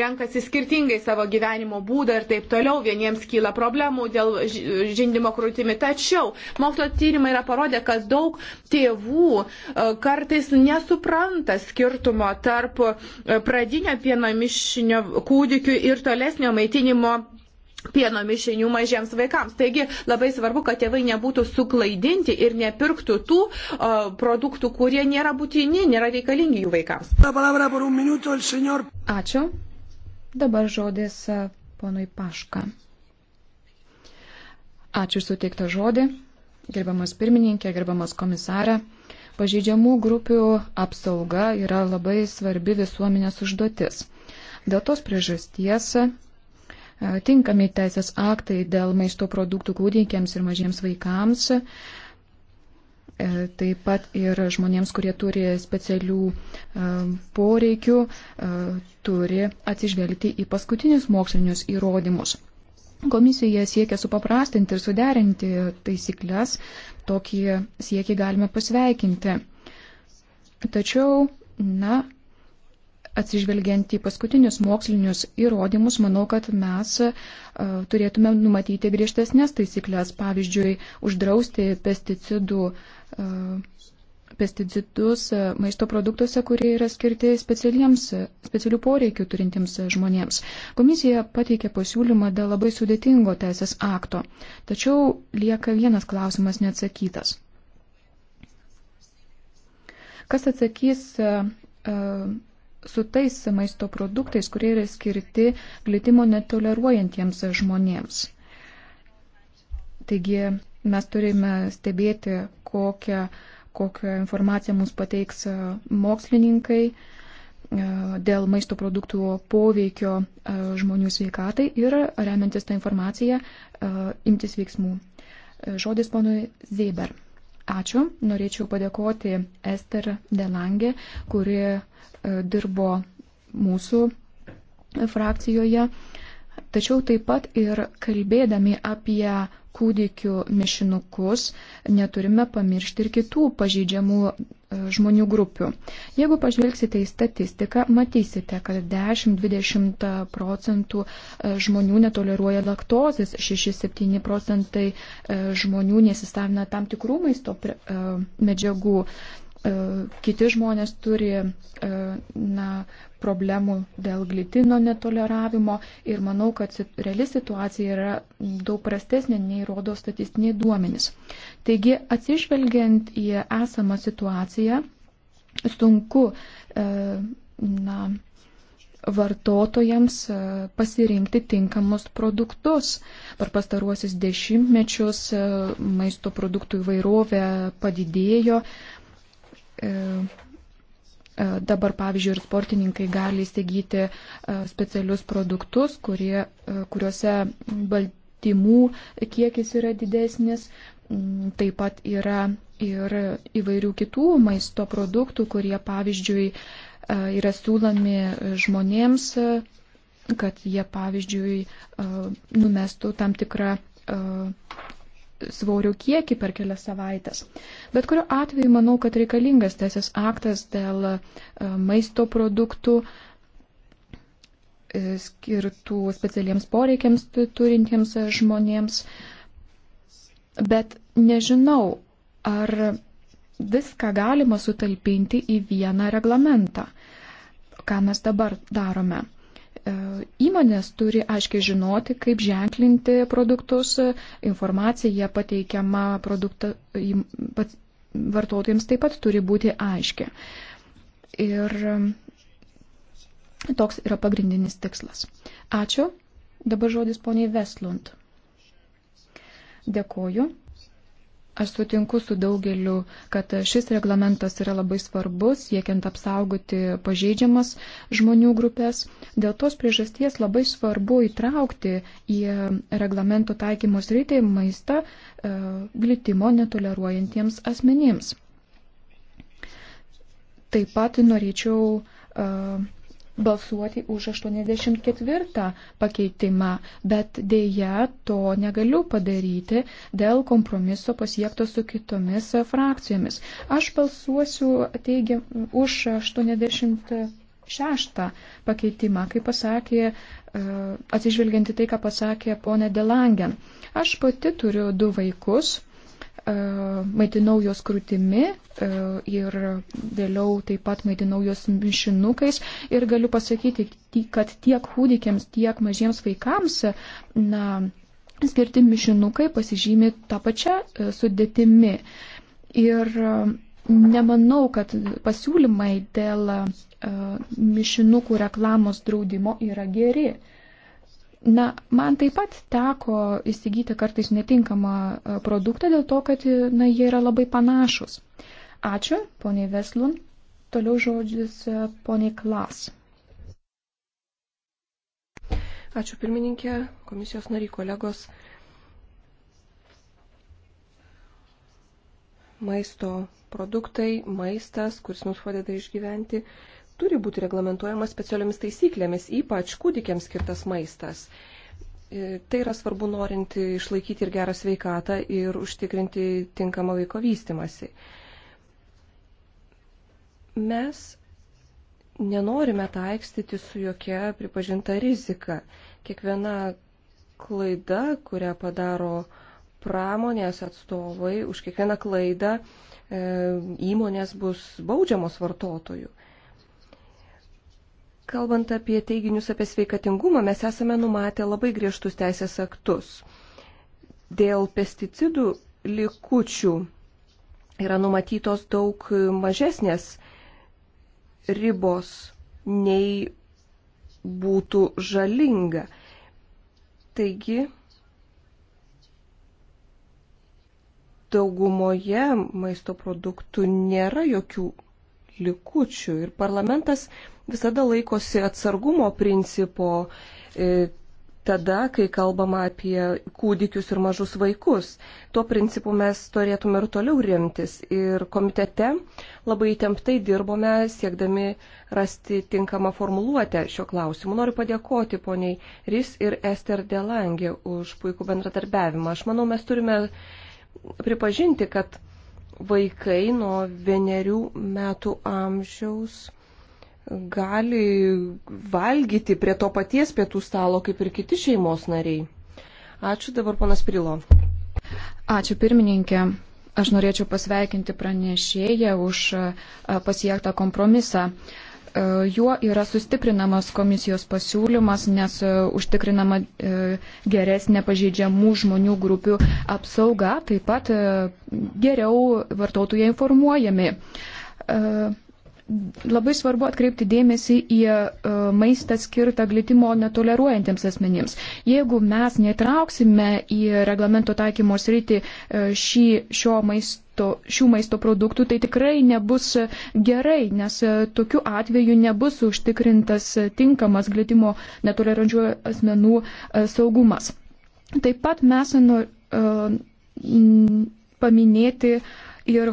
renkasi skirtingai savo gyvenimo būdą ir taip toliau, vieniems kyla problemų dėl žindimo krūtimi. Tačiau mokslo tyrimai yra parodę, kad daug tėvų e, kartais nesupranta skirtumo tarp e, pradinio pieno mišinio kūdikiu ir tolesnio maitinimo pieno mišinių mažiems vaikams. Taigi labai svarbu, kad tėvai nebūtų suklaidinti ir nepirktų tų o, produktų, kurie nėra būtini, nėra reikalingi jų vaikams. Ačiū. Dabar žodis ponui Paška. Ačiū suteiktą žodį. Gerbiamas pirmininkė, gerbiamas komisarė. Pažeidžiamų grupių apsauga yra labai svarbi visuomenės užduotis. Dėl tos priežasties E, tinkami teisės aktai dėl maisto produktų kūdikiams ir mažiems vaikams, e, taip pat ir žmonėms, kurie turi specialių e, poreikių, turi atsižvelgti į paskutinius mokslinius įrodymus. Komisija siekia supaprastinti ir suderinti taisyklės, tokį siekį galime pasveikinti. Tačiau, na, atsižvelgiant į paskutinius mokslinius įrodymus, manau, kad mes e, turėtume numatyti griežtesnės taisyklės, pavyzdžiui, uždrausti pesticidų, e, pesticidus e, maisto produktuose, kurie yra skirti specialių poreikių turintiems žmonėms. Komisija pateikė pasiūlymą dėl labai sudėtingo teisės akto, tačiau lieka vienas klausimas neatsakytas. Kas atsakys su tais maisto produktais, kurie yra skirti glitimo netoleruojantiems žmonėms. Taigi mes turime stebėti, kokią, kokią informaciją mums pateiks mokslininkai e, dėl maisto produktų poveikio e, žmonių sveikatai ir remiantis tą informaciją e, imtis veiksmų. Žodis ponui Zeiber. Ačiū. Norėčiau padėkoti Ester Delangė, kuri e, dirbo mūsų frakcijoje. Tačiau taip pat ir kalbėdami apie kūdikių mišinukus, neturime pamiršti ir kitų pažydžiamų e, žmonių grupių. Jeigu pažvelgsite į statistiką, matysite, kad 10-20 procentų e, žmonių netoleruoja laktozės, 6-7 procentai e, žmonių nesisavina tam tikrų maisto medžiagų. E, kiti žmonės turi e, na, problemų dėl glitino netoleravimo ir manau, kad reali situacija yra daug prastesnė nei rodo statistiniai duomenys. Taigi, atsižvelgiant į esamą situaciją, sunku e, na, vartotojams pasirinkti tinkamus produktus. Per pastaruosius dešimtmečius maisto produktų įvairovė padidėjo, E, e, dabar, pavyzdžiui, ir sportininkai gali įsigyti e, specialius produktus, kurie, kuriuose baltymų kiekis yra didesnis. Mm, taip pat yra ir įvairių kitų maisto produktų, kurie, pavyzdžiui, yra siūlomi žmonėms, kad jie, pavyzdžiui, numestų tam tikrą svorio kiekį per kelias savaitės. Bet kuriuo atveju manau, kad reikalingas teisės aktas dėl e, maisto produktų e, skirtų specialiems poreikiams turintiems žmonėms. Bet nežinau, ar viską galima sutalpinti į vieną reglamentą, ką mes dabar darome. E, įmonės turi aiškiai žinoti, kaip ženklinti produktus, e, informacija pateikiama produktą, vartotojams taip pat turi būti aiški. Ir e, toks yra pagrindinis tikslas. Ačiū. Dabar žodis poniai Veslund. Dėkoju. Aš sutinku su daugeliu, kad šis reglamentas yra labai svarbus, siekiant apsaugoti pažeidžiamas žmonių grupės. Dėl tos priežasties labai svarbu įtraukti į reglamento taikymus rytį maistą e, glitimo netoleruojantiems asmenims. Taip pat norėčiau e, balsuoti už 84 pakeitimą, bet dėja to negaliu padaryti dėl kompromiso pasiekto su kitomis frakcijomis. Aš balsuosiu teigiam, už 86 pakeitimą, kaip pasakė, e, atsižvelgianti tai, ką pasakė ponė Delangen. Aš pati turiu du vaikus E, maitinau jos krūtimi e, ir vėliau taip pat maitinau jos mišinukais ir galiu pasakyti, kad tiek kūdikiams, tiek mažiems vaikams, na, skirti mišinukai pasižymi tą pačią e, sudėtimi. Ir nemanau, kad pasiūlymai dėl mišinukų reklamos draudimo yra geri. Na, man taip pat teko įsigyti kartais netinkamą e, produktą dėl to, kad e, na, jie yra labai panašus. Ačiū, poniai Veslun. Toliau žodis e, poniai Klas. Ačiū pirmininkė, komisijos nariai, kolegos. Maisto produktai, maistas, kuris mums padeda išgyventi, turi būti reglamentuojama specialiomis taisyklėmis, ypač kūdikiams skirtas maistas. E, tai yra svarbu norint išlaikyti ir gerą sveikatą ir užtikrinti tinkamą vaiko vystimasi. Mes nenorime taikstyti su jokia pripažinta rizika. Kiekviena klaida, kurią padaro pramonės atstovai, už kiekvieną klaidą e, įmonės bus baudžiamos vartotojų. Kalbant apie teiginius apie sveikatingumą, mes esame numatę labai griežtus teisės aktus. Dėl pesticidų likučių yra numatytos daug mažesnės ribos nei būtų žalinga. Taigi, daugumoje maisto produktų nėra jokių likučių ir parlamentas visada laikosi atsargumo principo e, tada, kai kalbama apie kūdikius ir mažus vaikus. Tuo principu mes turėtume ir toliau remtis. Ir komitete labai įtemptai dirbome, siekdami rasti tinkamą formuluotę šio klausimu. Noriu padėkoti poniai Ris ir Ester Delangė už puikų bendradarbiavimą. Aš manau, mes turime pripažinti, kad vaikai nuo vienerių metų amžiaus gali valgyti prie to paties pietų stalo kaip ir kiti šeimos nariai. Ačiū dabar panas Prilo. Ačiū pirmininkė. Aš norėčiau pasveikinti pranešėją už e, pasiektą kompromisą e, juo yra sustiprinamas komisijos pasiūlymas, nes e, užtikrinama geresnė pažeidžiamų žmonių grupių apsauga, taip pat geriau vartotojai informuojami. Labai svarbu atkreipti dėmesį į e, maistą skirtą glitimo netoleruojantiems asmenims. Jeigu mes netrauksime į reglamento taikymo sritį e, šį, šio maisto, šių maisto produktų, tai tikrai nebus gerai, nes e, tokiu atveju nebus užtikrintas tinkamas glitimo netoleruojančių asmenų saugumas. Taip pat mes nu, paminėti uh, ir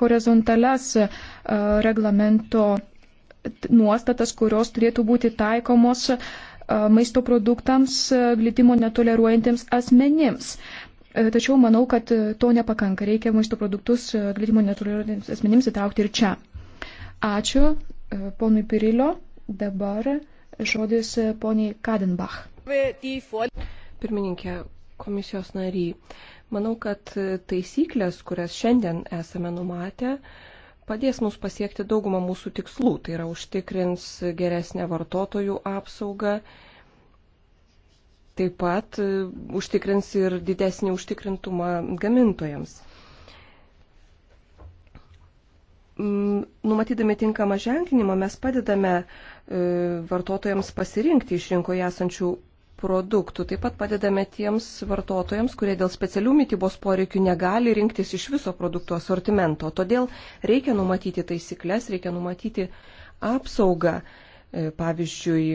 horizontales e, reglamento nuostatas, kurios turėtų būti taikomos e, maisto produktams e, glitimo netoleruojantiems asmenims. Tačiau manau, kad to nepakanka. Reikia maisto produktus glitimo netoleruojantiems asmenims įtraukti ir čia. Ačiū ponui Pirilio. Dabar žodis poniai Kadenbach. Pirmininkė, komisijos nariai. Manau, kad taisyklės, kurias šiandien esame numatę, padės mums pasiekti daugumą mūsų tikslų, tai yra užtikrins geresnę vartotojų apsaugą, taip pat e, užtikrins ir didesnį užtikrintumą gamintojams. Mm, numatydami tinkamą ženklinimą mes padedame e, vartotojams pasirinkti iš rinkoje esančių produktų. Taip pat padedame tiems vartotojams, kurie dėl specialių mytybos poreikių negali rinktis iš viso produktų asortimento. Todėl reikia numatyti taisyklės, reikia numatyti apsaugą, e, pavyzdžiui,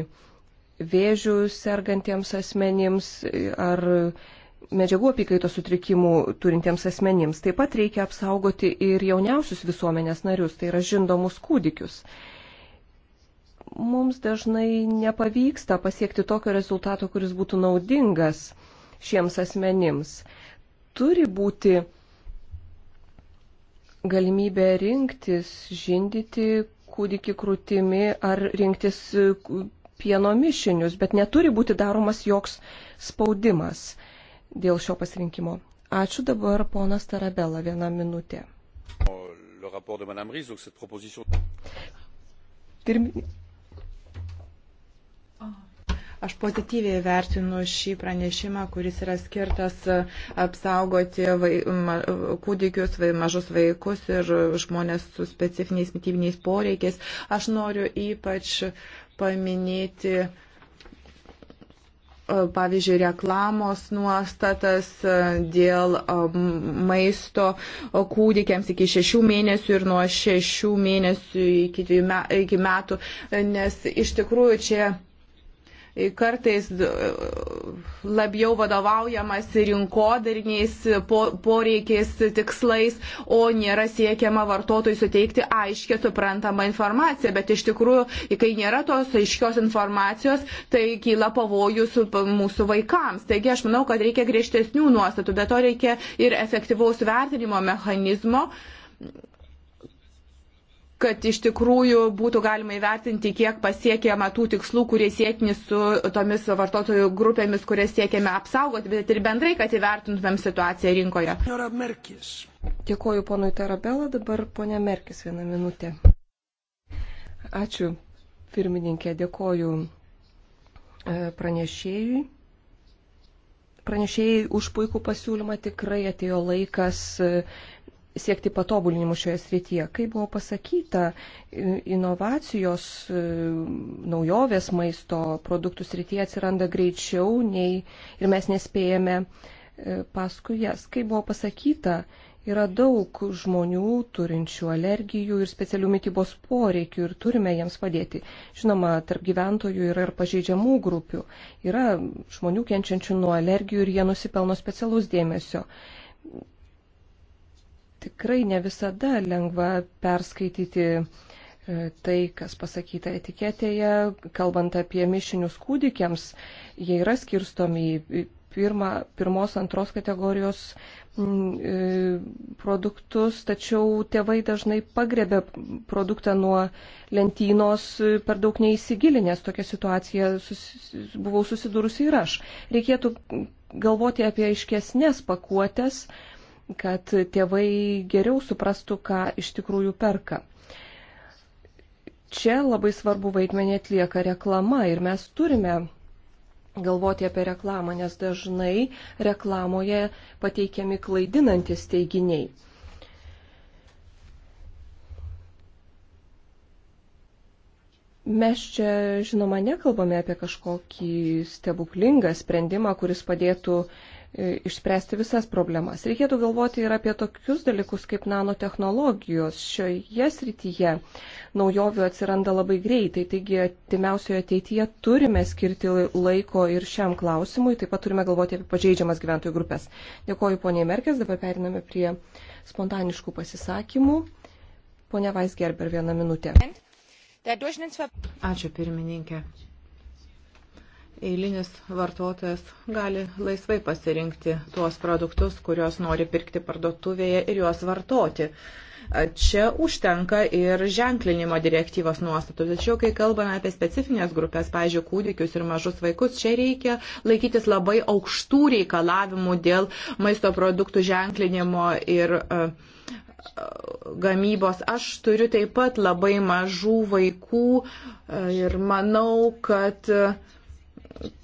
vėžių sergantiems asmenims e, ar medžiagų apykaitos sutrikimų turintiems asmenims. Taip pat reikia apsaugoti ir jauniausius visuomenės narius, tai yra žindomus kūdikius mums dažnai nepavyksta pasiekti tokio rezultato, kuris būtų naudingas šiems asmenims. Turi būti galimybė rinktis, žindyti kūdikį krūtimi ar rinktis pieno mišinius, bet neturi būti daromas joks spaudimas dėl šio pasirinkimo. Ačiū dabar ponas Tarabela, viena minutė. Pirmin... Aš pozityviai vertinu šį pranešimą, kuris yra skirtas apsaugoti vai, ma, kūdikius, vai, mažus vaikus ir žmonės su specifiniais mitybiniais poreikiais. Aš noriu ypač paminėti pavyzdžiui, reklamos nuostatas dėl maisto kūdikiams iki šešių mėnesių ir nuo šešių mėnesių iki, metų, nes iš tikrųjų čia kartais e, labiau vadovaujamas rinkodariniais poreikiais, tikslais, o nėra siekiama vartotojui suteikti aiškę suprantamą informaciją. Bet iš tikrųjų, kai nėra tos aiškios informacijos, tai kyla pavojus mūsų vaikams. Taigi aš manau, kad reikia griežtesnių nuostatų, bet to reikia ir efektyvaus vertinimo mechanizmo kad iš tikrųjų būtų galima įvertinti, kiek pasiekėma tų tikslų, kurie siekini su tomis vartotojų grupėmis, kurias siekėme apsaugoti, bet ir bendrai, kad įvertintumėm situaciją rinkoje. Dėkuoju ponui Tarabelą, dabar ponia Merkis vieną minutę. Ačiū, pirmininkė, dėkuoju e, pranešėjui. Pranešėjai už puikų pasiūlymą tikrai atėjo laikas e, siekti patobulinimų šioje srityje. Kaip buvo pasakyta, inovacijos e, naujovės maisto produktų srityje atsiranda greičiau nei ir mes nespėjame e, paskui jas. Kaip buvo pasakyta, yra daug žmonių turinčių alergijų ir specialių mytybos poreikių ir turime jiems padėti. Žinoma, tarp gyventojų yra ir pažeidžiamų grupių. Yra žmonių kenčiančių nuo alergijų ir jie nusipelno specialus dėmesio. Tikrai ne visada lengva perskaityti e, tai, kas pasakyta etiketėje, kalbant apie mišinius kūdikiams, jie yra skirstomi į pirma, pirmos, antros kategorijos e, produktus, tačiau tėvai dažnai pagrebė produktą nuo lentynos e, per daug neįsigilinęs. Tokią situaciją sus, buvau susidūrusi ir aš. Reikėtų galvoti apie aiškesnės pakuotės, kad tėvai geriau suprastų, ką iš tikrųjų perka. Čia labai svarbu vaidmenį atlieka reklama ir mes turime galvoti apie reklamą, nes dažnai reklamoje pateikiami klaidinantis teiginiai. Mes čia, žinoma, nekalbame apie kažkokį stebuklingą sprendimą, kuris padėtų uh, E, išspręsti visas problemas. Reikėtų galvoti ir apie tokius dalykus kaip nanotehnologijos. Šioje srityje naujovių atsiranda labai greitai, taigi timiausioje ateityje turime skirti laiko ir šiam klausimui, taip pat turime galvoti apie pažeidžiamas gyventojų grupės. Dėkoju poniai Merkės, dabar periname prie spontaniškų pasisakymų. Pone Vaisgerber, vieną minutę. Ačiū pirmininkė eilinis vartotojas gali laisvai pasirinkti tuos produktus, kuriuos nori pirkti parduotuvėje ir juos vartoti. Čia užtenka ir ženklinimo direktyvos nuostatų. Tačiau, kai kalbame apie specifinės grupės, pavyzdžiui, kūdikius ir mažus vaikus, čia reikia laikytis labai aukštų reikalavimų dėl maisto produktų ženklinimo ir uh, gamybos. Aš turiu taip pat labai mažų vaikų e, ir manau, kad uh,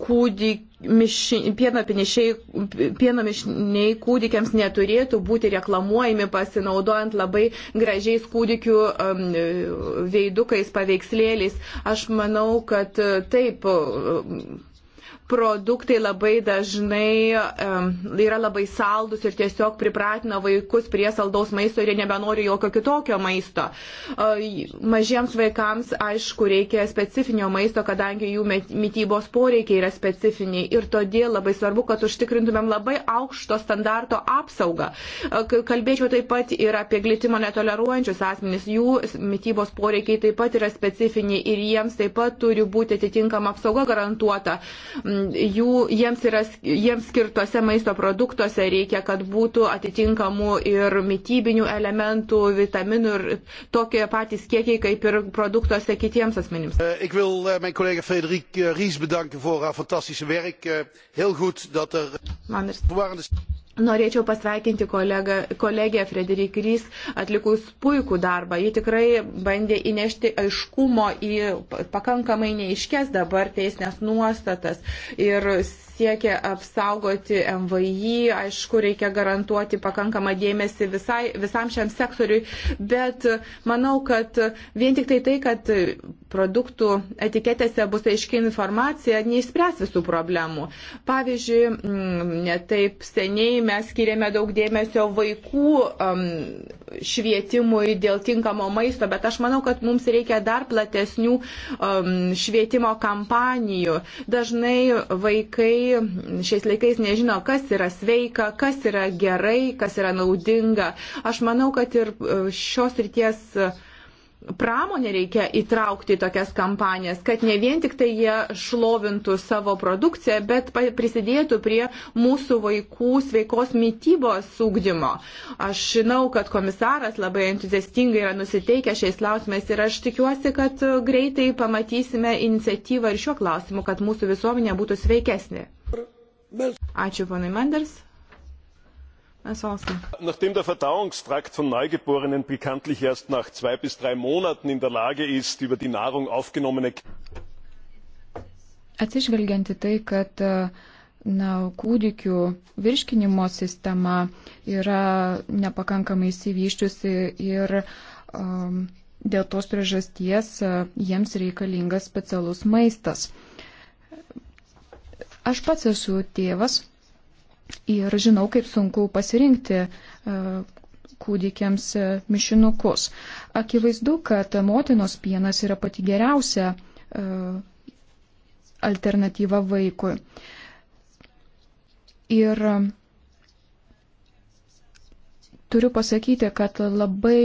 kūdikį miši, pieno, pinišiai, pieno mišiniai kūdikiams neturėtų būti reklamuojami pasinaudojant labai gražiais kūdikių um, veidukais, paveikslėliais. Aš manau, kad uh, taip. Um, produktai labai dažnai um, yra labai saldus ir tiesiog pripratina vaikus prie saldaus maisto ir jie nebenori jokio kitokio maisto. Uh, mažiems vaikams, aišku, reikia specifinio maisto, kadangi jų mytybos poreikiai yra specifiniai ir todėl labai svarbu, kad užtikrintumėm labai aukšto standarto apsaugą. Uh, kalbėčiau taip pat ir apie glitimo netoleruojančius asmenys. Jų mytybos poreikiai taip pat yra specifiniai ir jiems taip pat turi būti atitinkama apsauga garantuota. Um, jų, jiems, yra, jiems skirtuose maisto produktuose reikia, kad būtų atitinkamų ir mytybinių elementų, vitaminų ir tokie patys kiekiai, kaip ir produktuose kitiems asmenims. Eh, ik wil eh, mijn collega Frederik eh, Ries bedanken voor haar fantastische werk. Heel goed dat er. Man is... Norėčiau pasveikinti kolegą, kolegę Frederik Rys atlikus puikų darbą. Ji tikrai bandė įnešti aiškumo į pakankamai neiškes dabar teisinės nuostatas ir siekia apsaugoti MVI, aišku, reikia garantuoti pakankamą dėmesį visai, visam šiam sektoriui, bet manau, kad vien tik tai tai, kad produktų etiketėse bus aiški informacija, neišspręs visų problemų. Pavyzdžiui, mm, netaip seniai mes skiriame daug dėmesio vaikų um, švietimui, dėl tinkamo maisto, bet aš manau, kad mums reikia dar platesnių um, švietimo kampanijų. Dažnai vaikai šiais laikais nežino, kas yra sveika, kas yra gerai, kas yra naudinga. Aš manau, kad ir uh, šios ryties uh, pramonę reikia įtraukti į tokias kampanijas, kad ne vien tik tai jie šlovintų savo produkciją, bet prisidėtų prie mūsų vaikų sveikos mytybos sūkdymo. Aš žinau, kad komisaras labai entuziastingai yra nusiteikę šiais klausimais ir aš tikiuosi, kad greitai pamatysime iniciatyvą ir šiuo klausimu, kad mūsų visuomenė būtų sveikesnė. Ačiū, ponai Manders nachdem der verdauungstrakt von neugeborenen bekanntlich erst nach zwei bis drei monaten in der lage ist über die nahrung aufgenommene Atsižvelgiant į tai, kad e, na, kūdikių virškinimo sistema yra nepakankamai įsivyščiusi ir um, dėl tos priežasties e, jiems reikalingas specialus maistas. Aš pats esu tėvas ir žinau, kaip sunku pasirinkti e, kūdikiams e, mišinukus. Akivaizdu, kad motinos pienas yra pati geriausia e, alternatyva vaikui. Ir turiu pasakyti, kad labai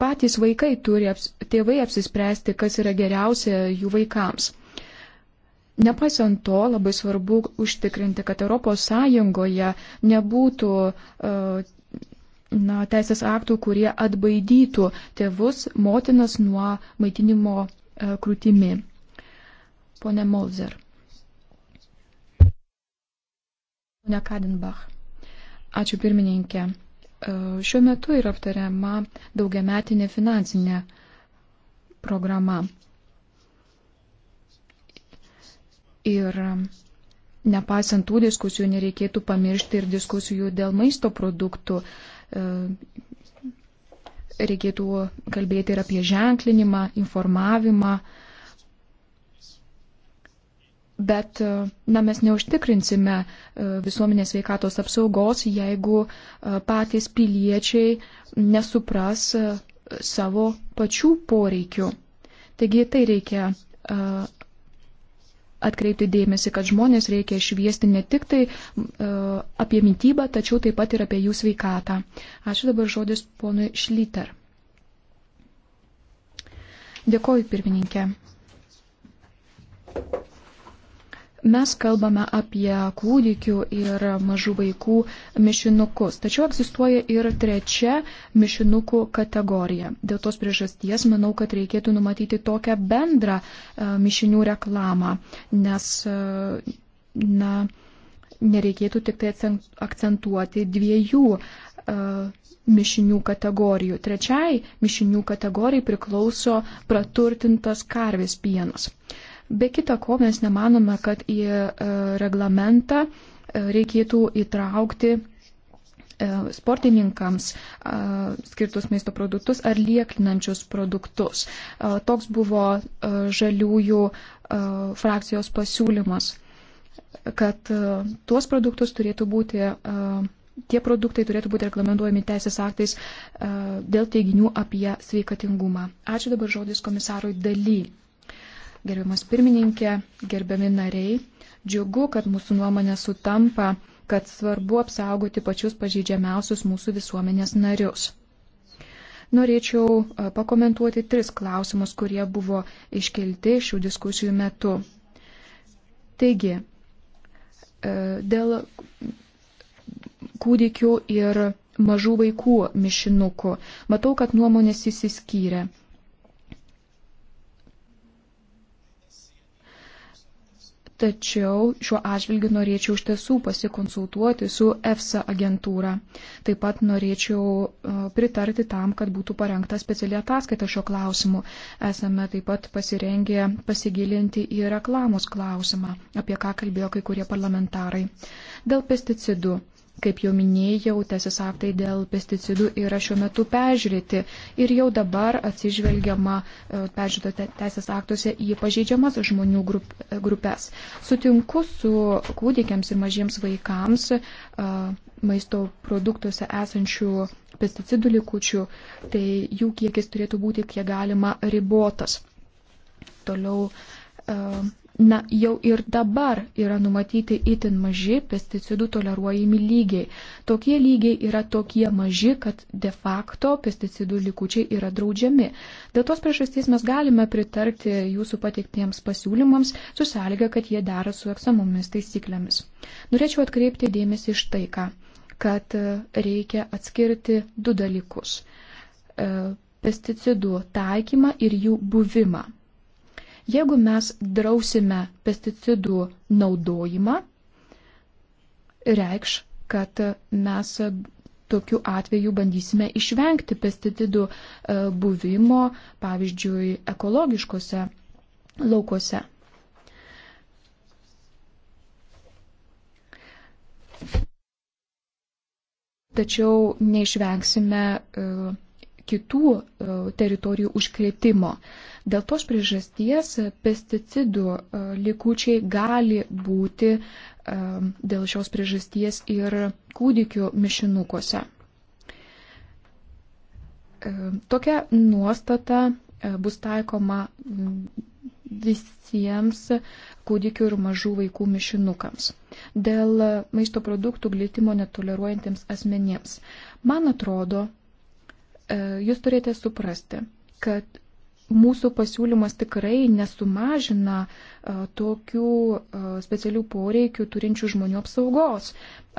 patys vaikai turi, tėvai apsispręsti, kas yra geriausia jų vaikams. Nepaisant to, labai svarbu užtikrinti, kad ES nebūtų e, na, teisės aktų, kurie atbaidytų tėvus, motinas nuo maitinimo e, krūtimi. Pone Molzer. Pone Kadenbach. Ačiū pirmininkė. E, šiuo metu yra aptariama daugiametinė finansinė programa. Ir nepaisant tų diskusijų, nereikėtų pamiršti ir diskusijų dėl maisto produktų. E, reikėtų kalbėti ir apie ženklinimą, informavimą. Bet e, na, mes neužtikrinsime e, visuomenės veikatos apsaugos, jeigu patys piliečiai nesupras savo pačių poreikių. Taigi tai reikia atkreipti dėmesį, kad žmonės reikia šviesti ne tik tai uh, apie mytybą, tačiau taip pat ir apie jų sveikatą. Ačiū dabar žodis ponui Šlyter. Dėkoju, pirmininkė. Mes kalbame apie kūdikių ir mažų vaikų mišinukus, tačiau egzistuoja ir trečia mišinukų kategorija. Dėl tos priežasties manau, kad reikėtų numatyti tokią bendrą e, mišinių reklamą, nes e, na, nereikėtų tik tai akcentuoti dviejų e, mišinių kategorijų. Trečiai mišinių kategorijai priklauso praturtintas karvės pienas. Be kita ko, mes nemanome, kad į e, reglamentą e, reikėtų įtraukti e, sportininkams skirtus maisto produktus ar lieklinančius produktus. Toks buvo žaliųjų frakcijos pasiūlymas, kad tuos produktus turėtų būti, tie produktai turėtų būti reglamentuojami teisės aktais dėl teiginių apie sveikatingumą. Ačiū dabar žodis komisarui daly. Gerbiamas pirmininkė, gerbiami nariai, džiugu, kad mūsų nuomonė sutampa, kad svarbu apsaugoti pačius pažydžiamiausius mūsų visuomenės narius. Norėčiau e, pakomentuoti tris klausimus, kurie buvo iškelti šių diskusijų metu. Taigi, e, dėl kūdikių ir mažų vaikų mišinukų. Matau, kad nuomonės įsiskyrė. Tačiau šiuo atžvilgiu norėčiau iš tiesų pasikonsultuoti su EFSA agentūra. Taip pat norėčiau e, pritarti tam, kad būtų parengta speciali ataskaita šio klausimu. Esame taip pat pasirengę pasigilinti į reklamos klausimą, apie ką kalbėjo kai kurie parlamentarai. Dėl pesticidų. Kaip jau minėjau, teisės aktai dėl pesticidų yra šiuo metu peržiūrėti ir jau dabar atsižvelgiama e, peržiūrėta teisės aktuose į pažeidžiamas žmonių grup, grupės. Sutinku su kūdikiams ir mažiems vaikams e, maisto produktuose esančių pesticidų likučių, tai jų kiekis turėtų būti kiek galima ribotas. Toliau e, Na, jau ir dabar yra numatyti itin maži pesticidų toleruojami lygiai. Tokie lygiai yra tokie maži, kad de facto pesticidų likučiai yra draudžiami. Dėl tos priežasties mes galime pritarti jūsų pateiktiems pasiūlymams su sąlyga, kad jie dera su eksamomis taisyklėmis. Norėčiau atkreipti dėmesį iš tai, ką, kad e, reikia atskirti du dalykus e, - pesticidų taikymą ir jų buvimą Jeigu mes drausime pesticidų naudojimą, reikš, kad mes tokiu atveju bandysime išvengti pesticidų e, buvimo, pavyzdžiui, ekologiškose laukose. Tačiau neišvengsime uh, kitų e, teritorijų užkretimo. Dėl tos priežasties pesticidų e, likučiai gali būti e, dėl šios priežasties ir kūdikių mišinukuose. Tokia nuostata bus taikoma visiems kūdikių ir mažų vaikų mišinukams. Dėl maisto produktų glitimo netoleruojantiems asmenėms. Man atrodo, E, jūs turite suprasti, kad mūsų pasiūlymas tikrai nesumažina e, tokių e, specialių poreikių turinčių žmonių apsaugos.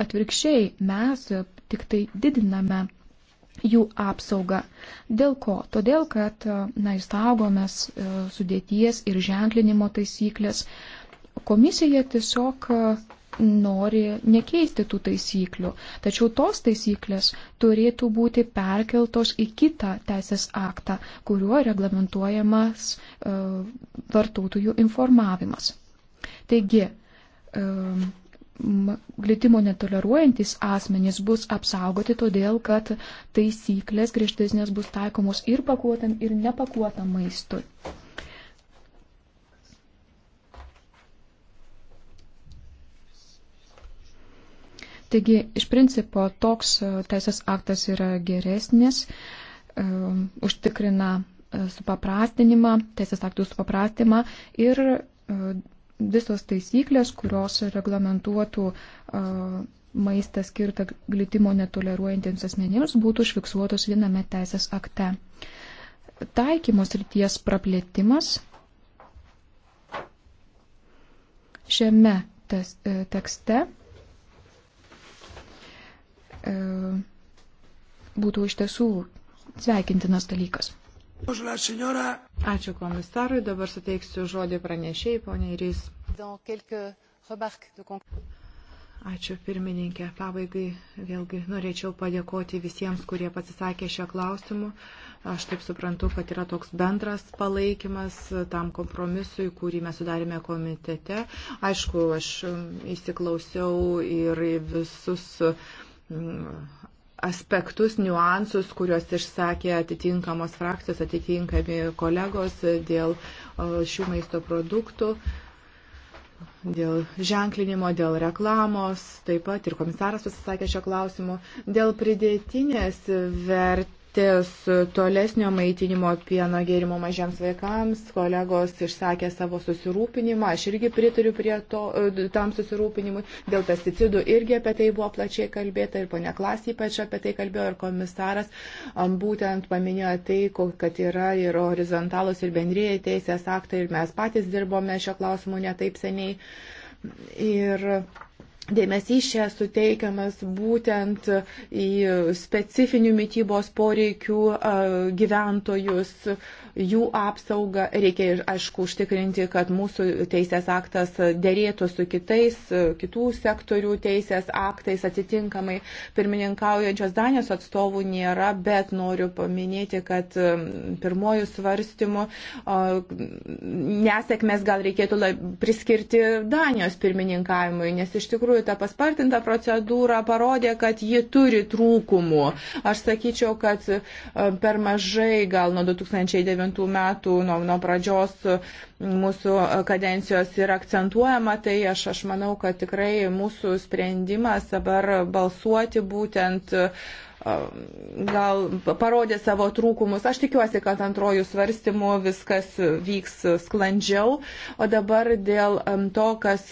Atvirkščiai, mes tik tai didiname jų apsaugą. Dėl ko? Todėl, kad, na, išsaugomės sudėties ir ženklinimo taisyklės. Komisija tiesiog nori nekeisti tų taisyklių. Tačiau tos taisyklės turėtų būti perkeltos į kitą teisės aktą, kuriuo reglamentuojamas e, vartotojų informavimas. Taigi, e, glitimo netoleruojantis asmenys bus apsaugoti, todėl kad taisyklės griežtesnės bus taikomos ir pakuotam, ir nepakuotam maistui. Taigi, iš principo, toks e, teisės aktas yra geresnis, e, užtikrina e, supaprastinimą, teisės aktų supaprastinimą ir visos taisyklės, kurios reglamentuotų maistą skirtą glitimo netoleruojantiems asmenims, būtų užfiksuotos viename teisės akte. Taikymos ryties praplėtimas šiame tekste E, būtų iš tiesų sveikintinas dalykas. Ačiū komisarui, dabar suteiksiu žodį pranešėjai, poniai Rys. Ačiū pirmininkė. Pabaigai vėlgi norėčiau padėkoti visiems, kurie pasisakė šio klausimu. Aš taip suprantu, kad yra toks bendras palaikymas tam kompromisui, kurį mes sudarėme komitete. Aišku, aš įsiklausiau ir visus Mm, aspektus, niuansus, kuriuos išsakė atitinkamos frakcijos, atitinkami kolegos dėl e, šių maisto produktų, dėl ženklinimo, dėl reklamos, taip pat ir komisaras pasisakė šio klausimu, dėl pridėtinės vertės ties tolesnio maitinimo pieno gėrimo mažiems vaikams, kolegos išsakė savo susirūpinimą, aš irgi pritariu prie to, e, tam susirūpinimui, dėl pesticidų irgi apie tai buvo plačiai kalbėta ir ponia Klas ypač apie tai kalbėjo ir komisaras būtent paminėjo tai, kad yra ir horizontalus ir bendrėjai teisės aktai ir mes patys dirbome šio klausimu netaip seniai. Ir Dėmesys čia suteikiamas būtent į specifinių mytybos poreikių gyventojus, jų apsaugą. Reikia, aišku, užtikrinti, kad mūsų teisės aktas dėrėtų su kitais, kitų sektorių teisės aktais atitinkamai. Pirmininkaujančios Danijos atstovų nėra, bet noriu paminėti, kad pirmojų svarstymų nesėkmės gal reikėtų priskirti Danijos pirmininkavimui, nes iš tikrųjų ta paspartinta procedūra parodė, kad ji turi trūkumų. Aš sakyčiau, kad e, per mažai gal nuo 2009 metų, nuo, nuo pradžios mūsų e, kadencijos yra akcentuojama, tai aš, aš manau, kad tikrai mūsų sprendimas dabar balsuoti būtent uh, Um, gal parodė savo trūkumus. Aš tikiuosi, kad antrojų svarstymų viskas vyks sklandžiau. O dabar dėl um, to, kas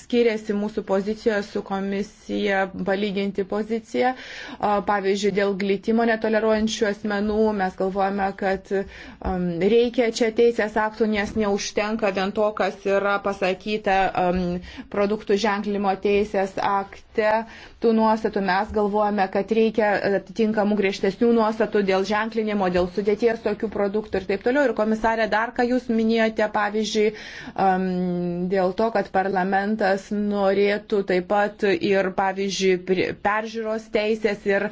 skiriasi mūsų pozicijoje su komisija, palyginti poziciją. Pavyzdžiui, dėl glitimo netoleruojančių asmenų mes galvojame, kad um, reikia čia teisės aktų, nes neužtenka vien to, kas yra pasakyta produktų ženklimo teisės akte. Tų nuostatų mes galvojame, kad reikia atitinkamų griežtesnių nuostatų dėl ženklinimo, dėl sudėties tokių produktų ir taip toliau. Ir komisarė, dar ką jūs minėjote, pavyzdžiui, um, dėl to, kad parlamentas norėtų taip pat ir, pavyzdžiui, peržiūros teisės ir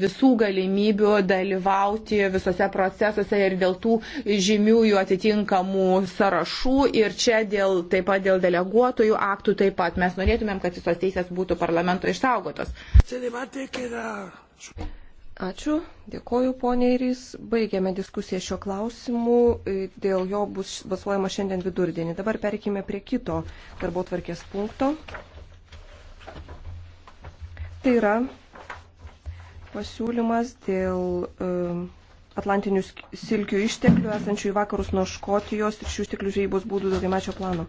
visų galimybių dalyvauti visose procesuose ir dėl tų žymiųjų atitinkamų sąrašų. Ir čia dėl, taip pat dėl deleguotojų aktų taip pat mes norėtumėm, kad visos teisės būtų parlamento išsaugotos. Ačiū, dėkoju poniai Rys. Baigėme diskusiją šio klausimu, dėl jo bus balsuojama šiandien vidurdienį. Dabar perkime prie kito darbo tvarkės punkto. Tai yra pasiūlymas dėl um, atlantinių silkių išteklių esančių į vakarus nuo Škotijos ir šių išteklių žvejybos būdų daugiamečio plano.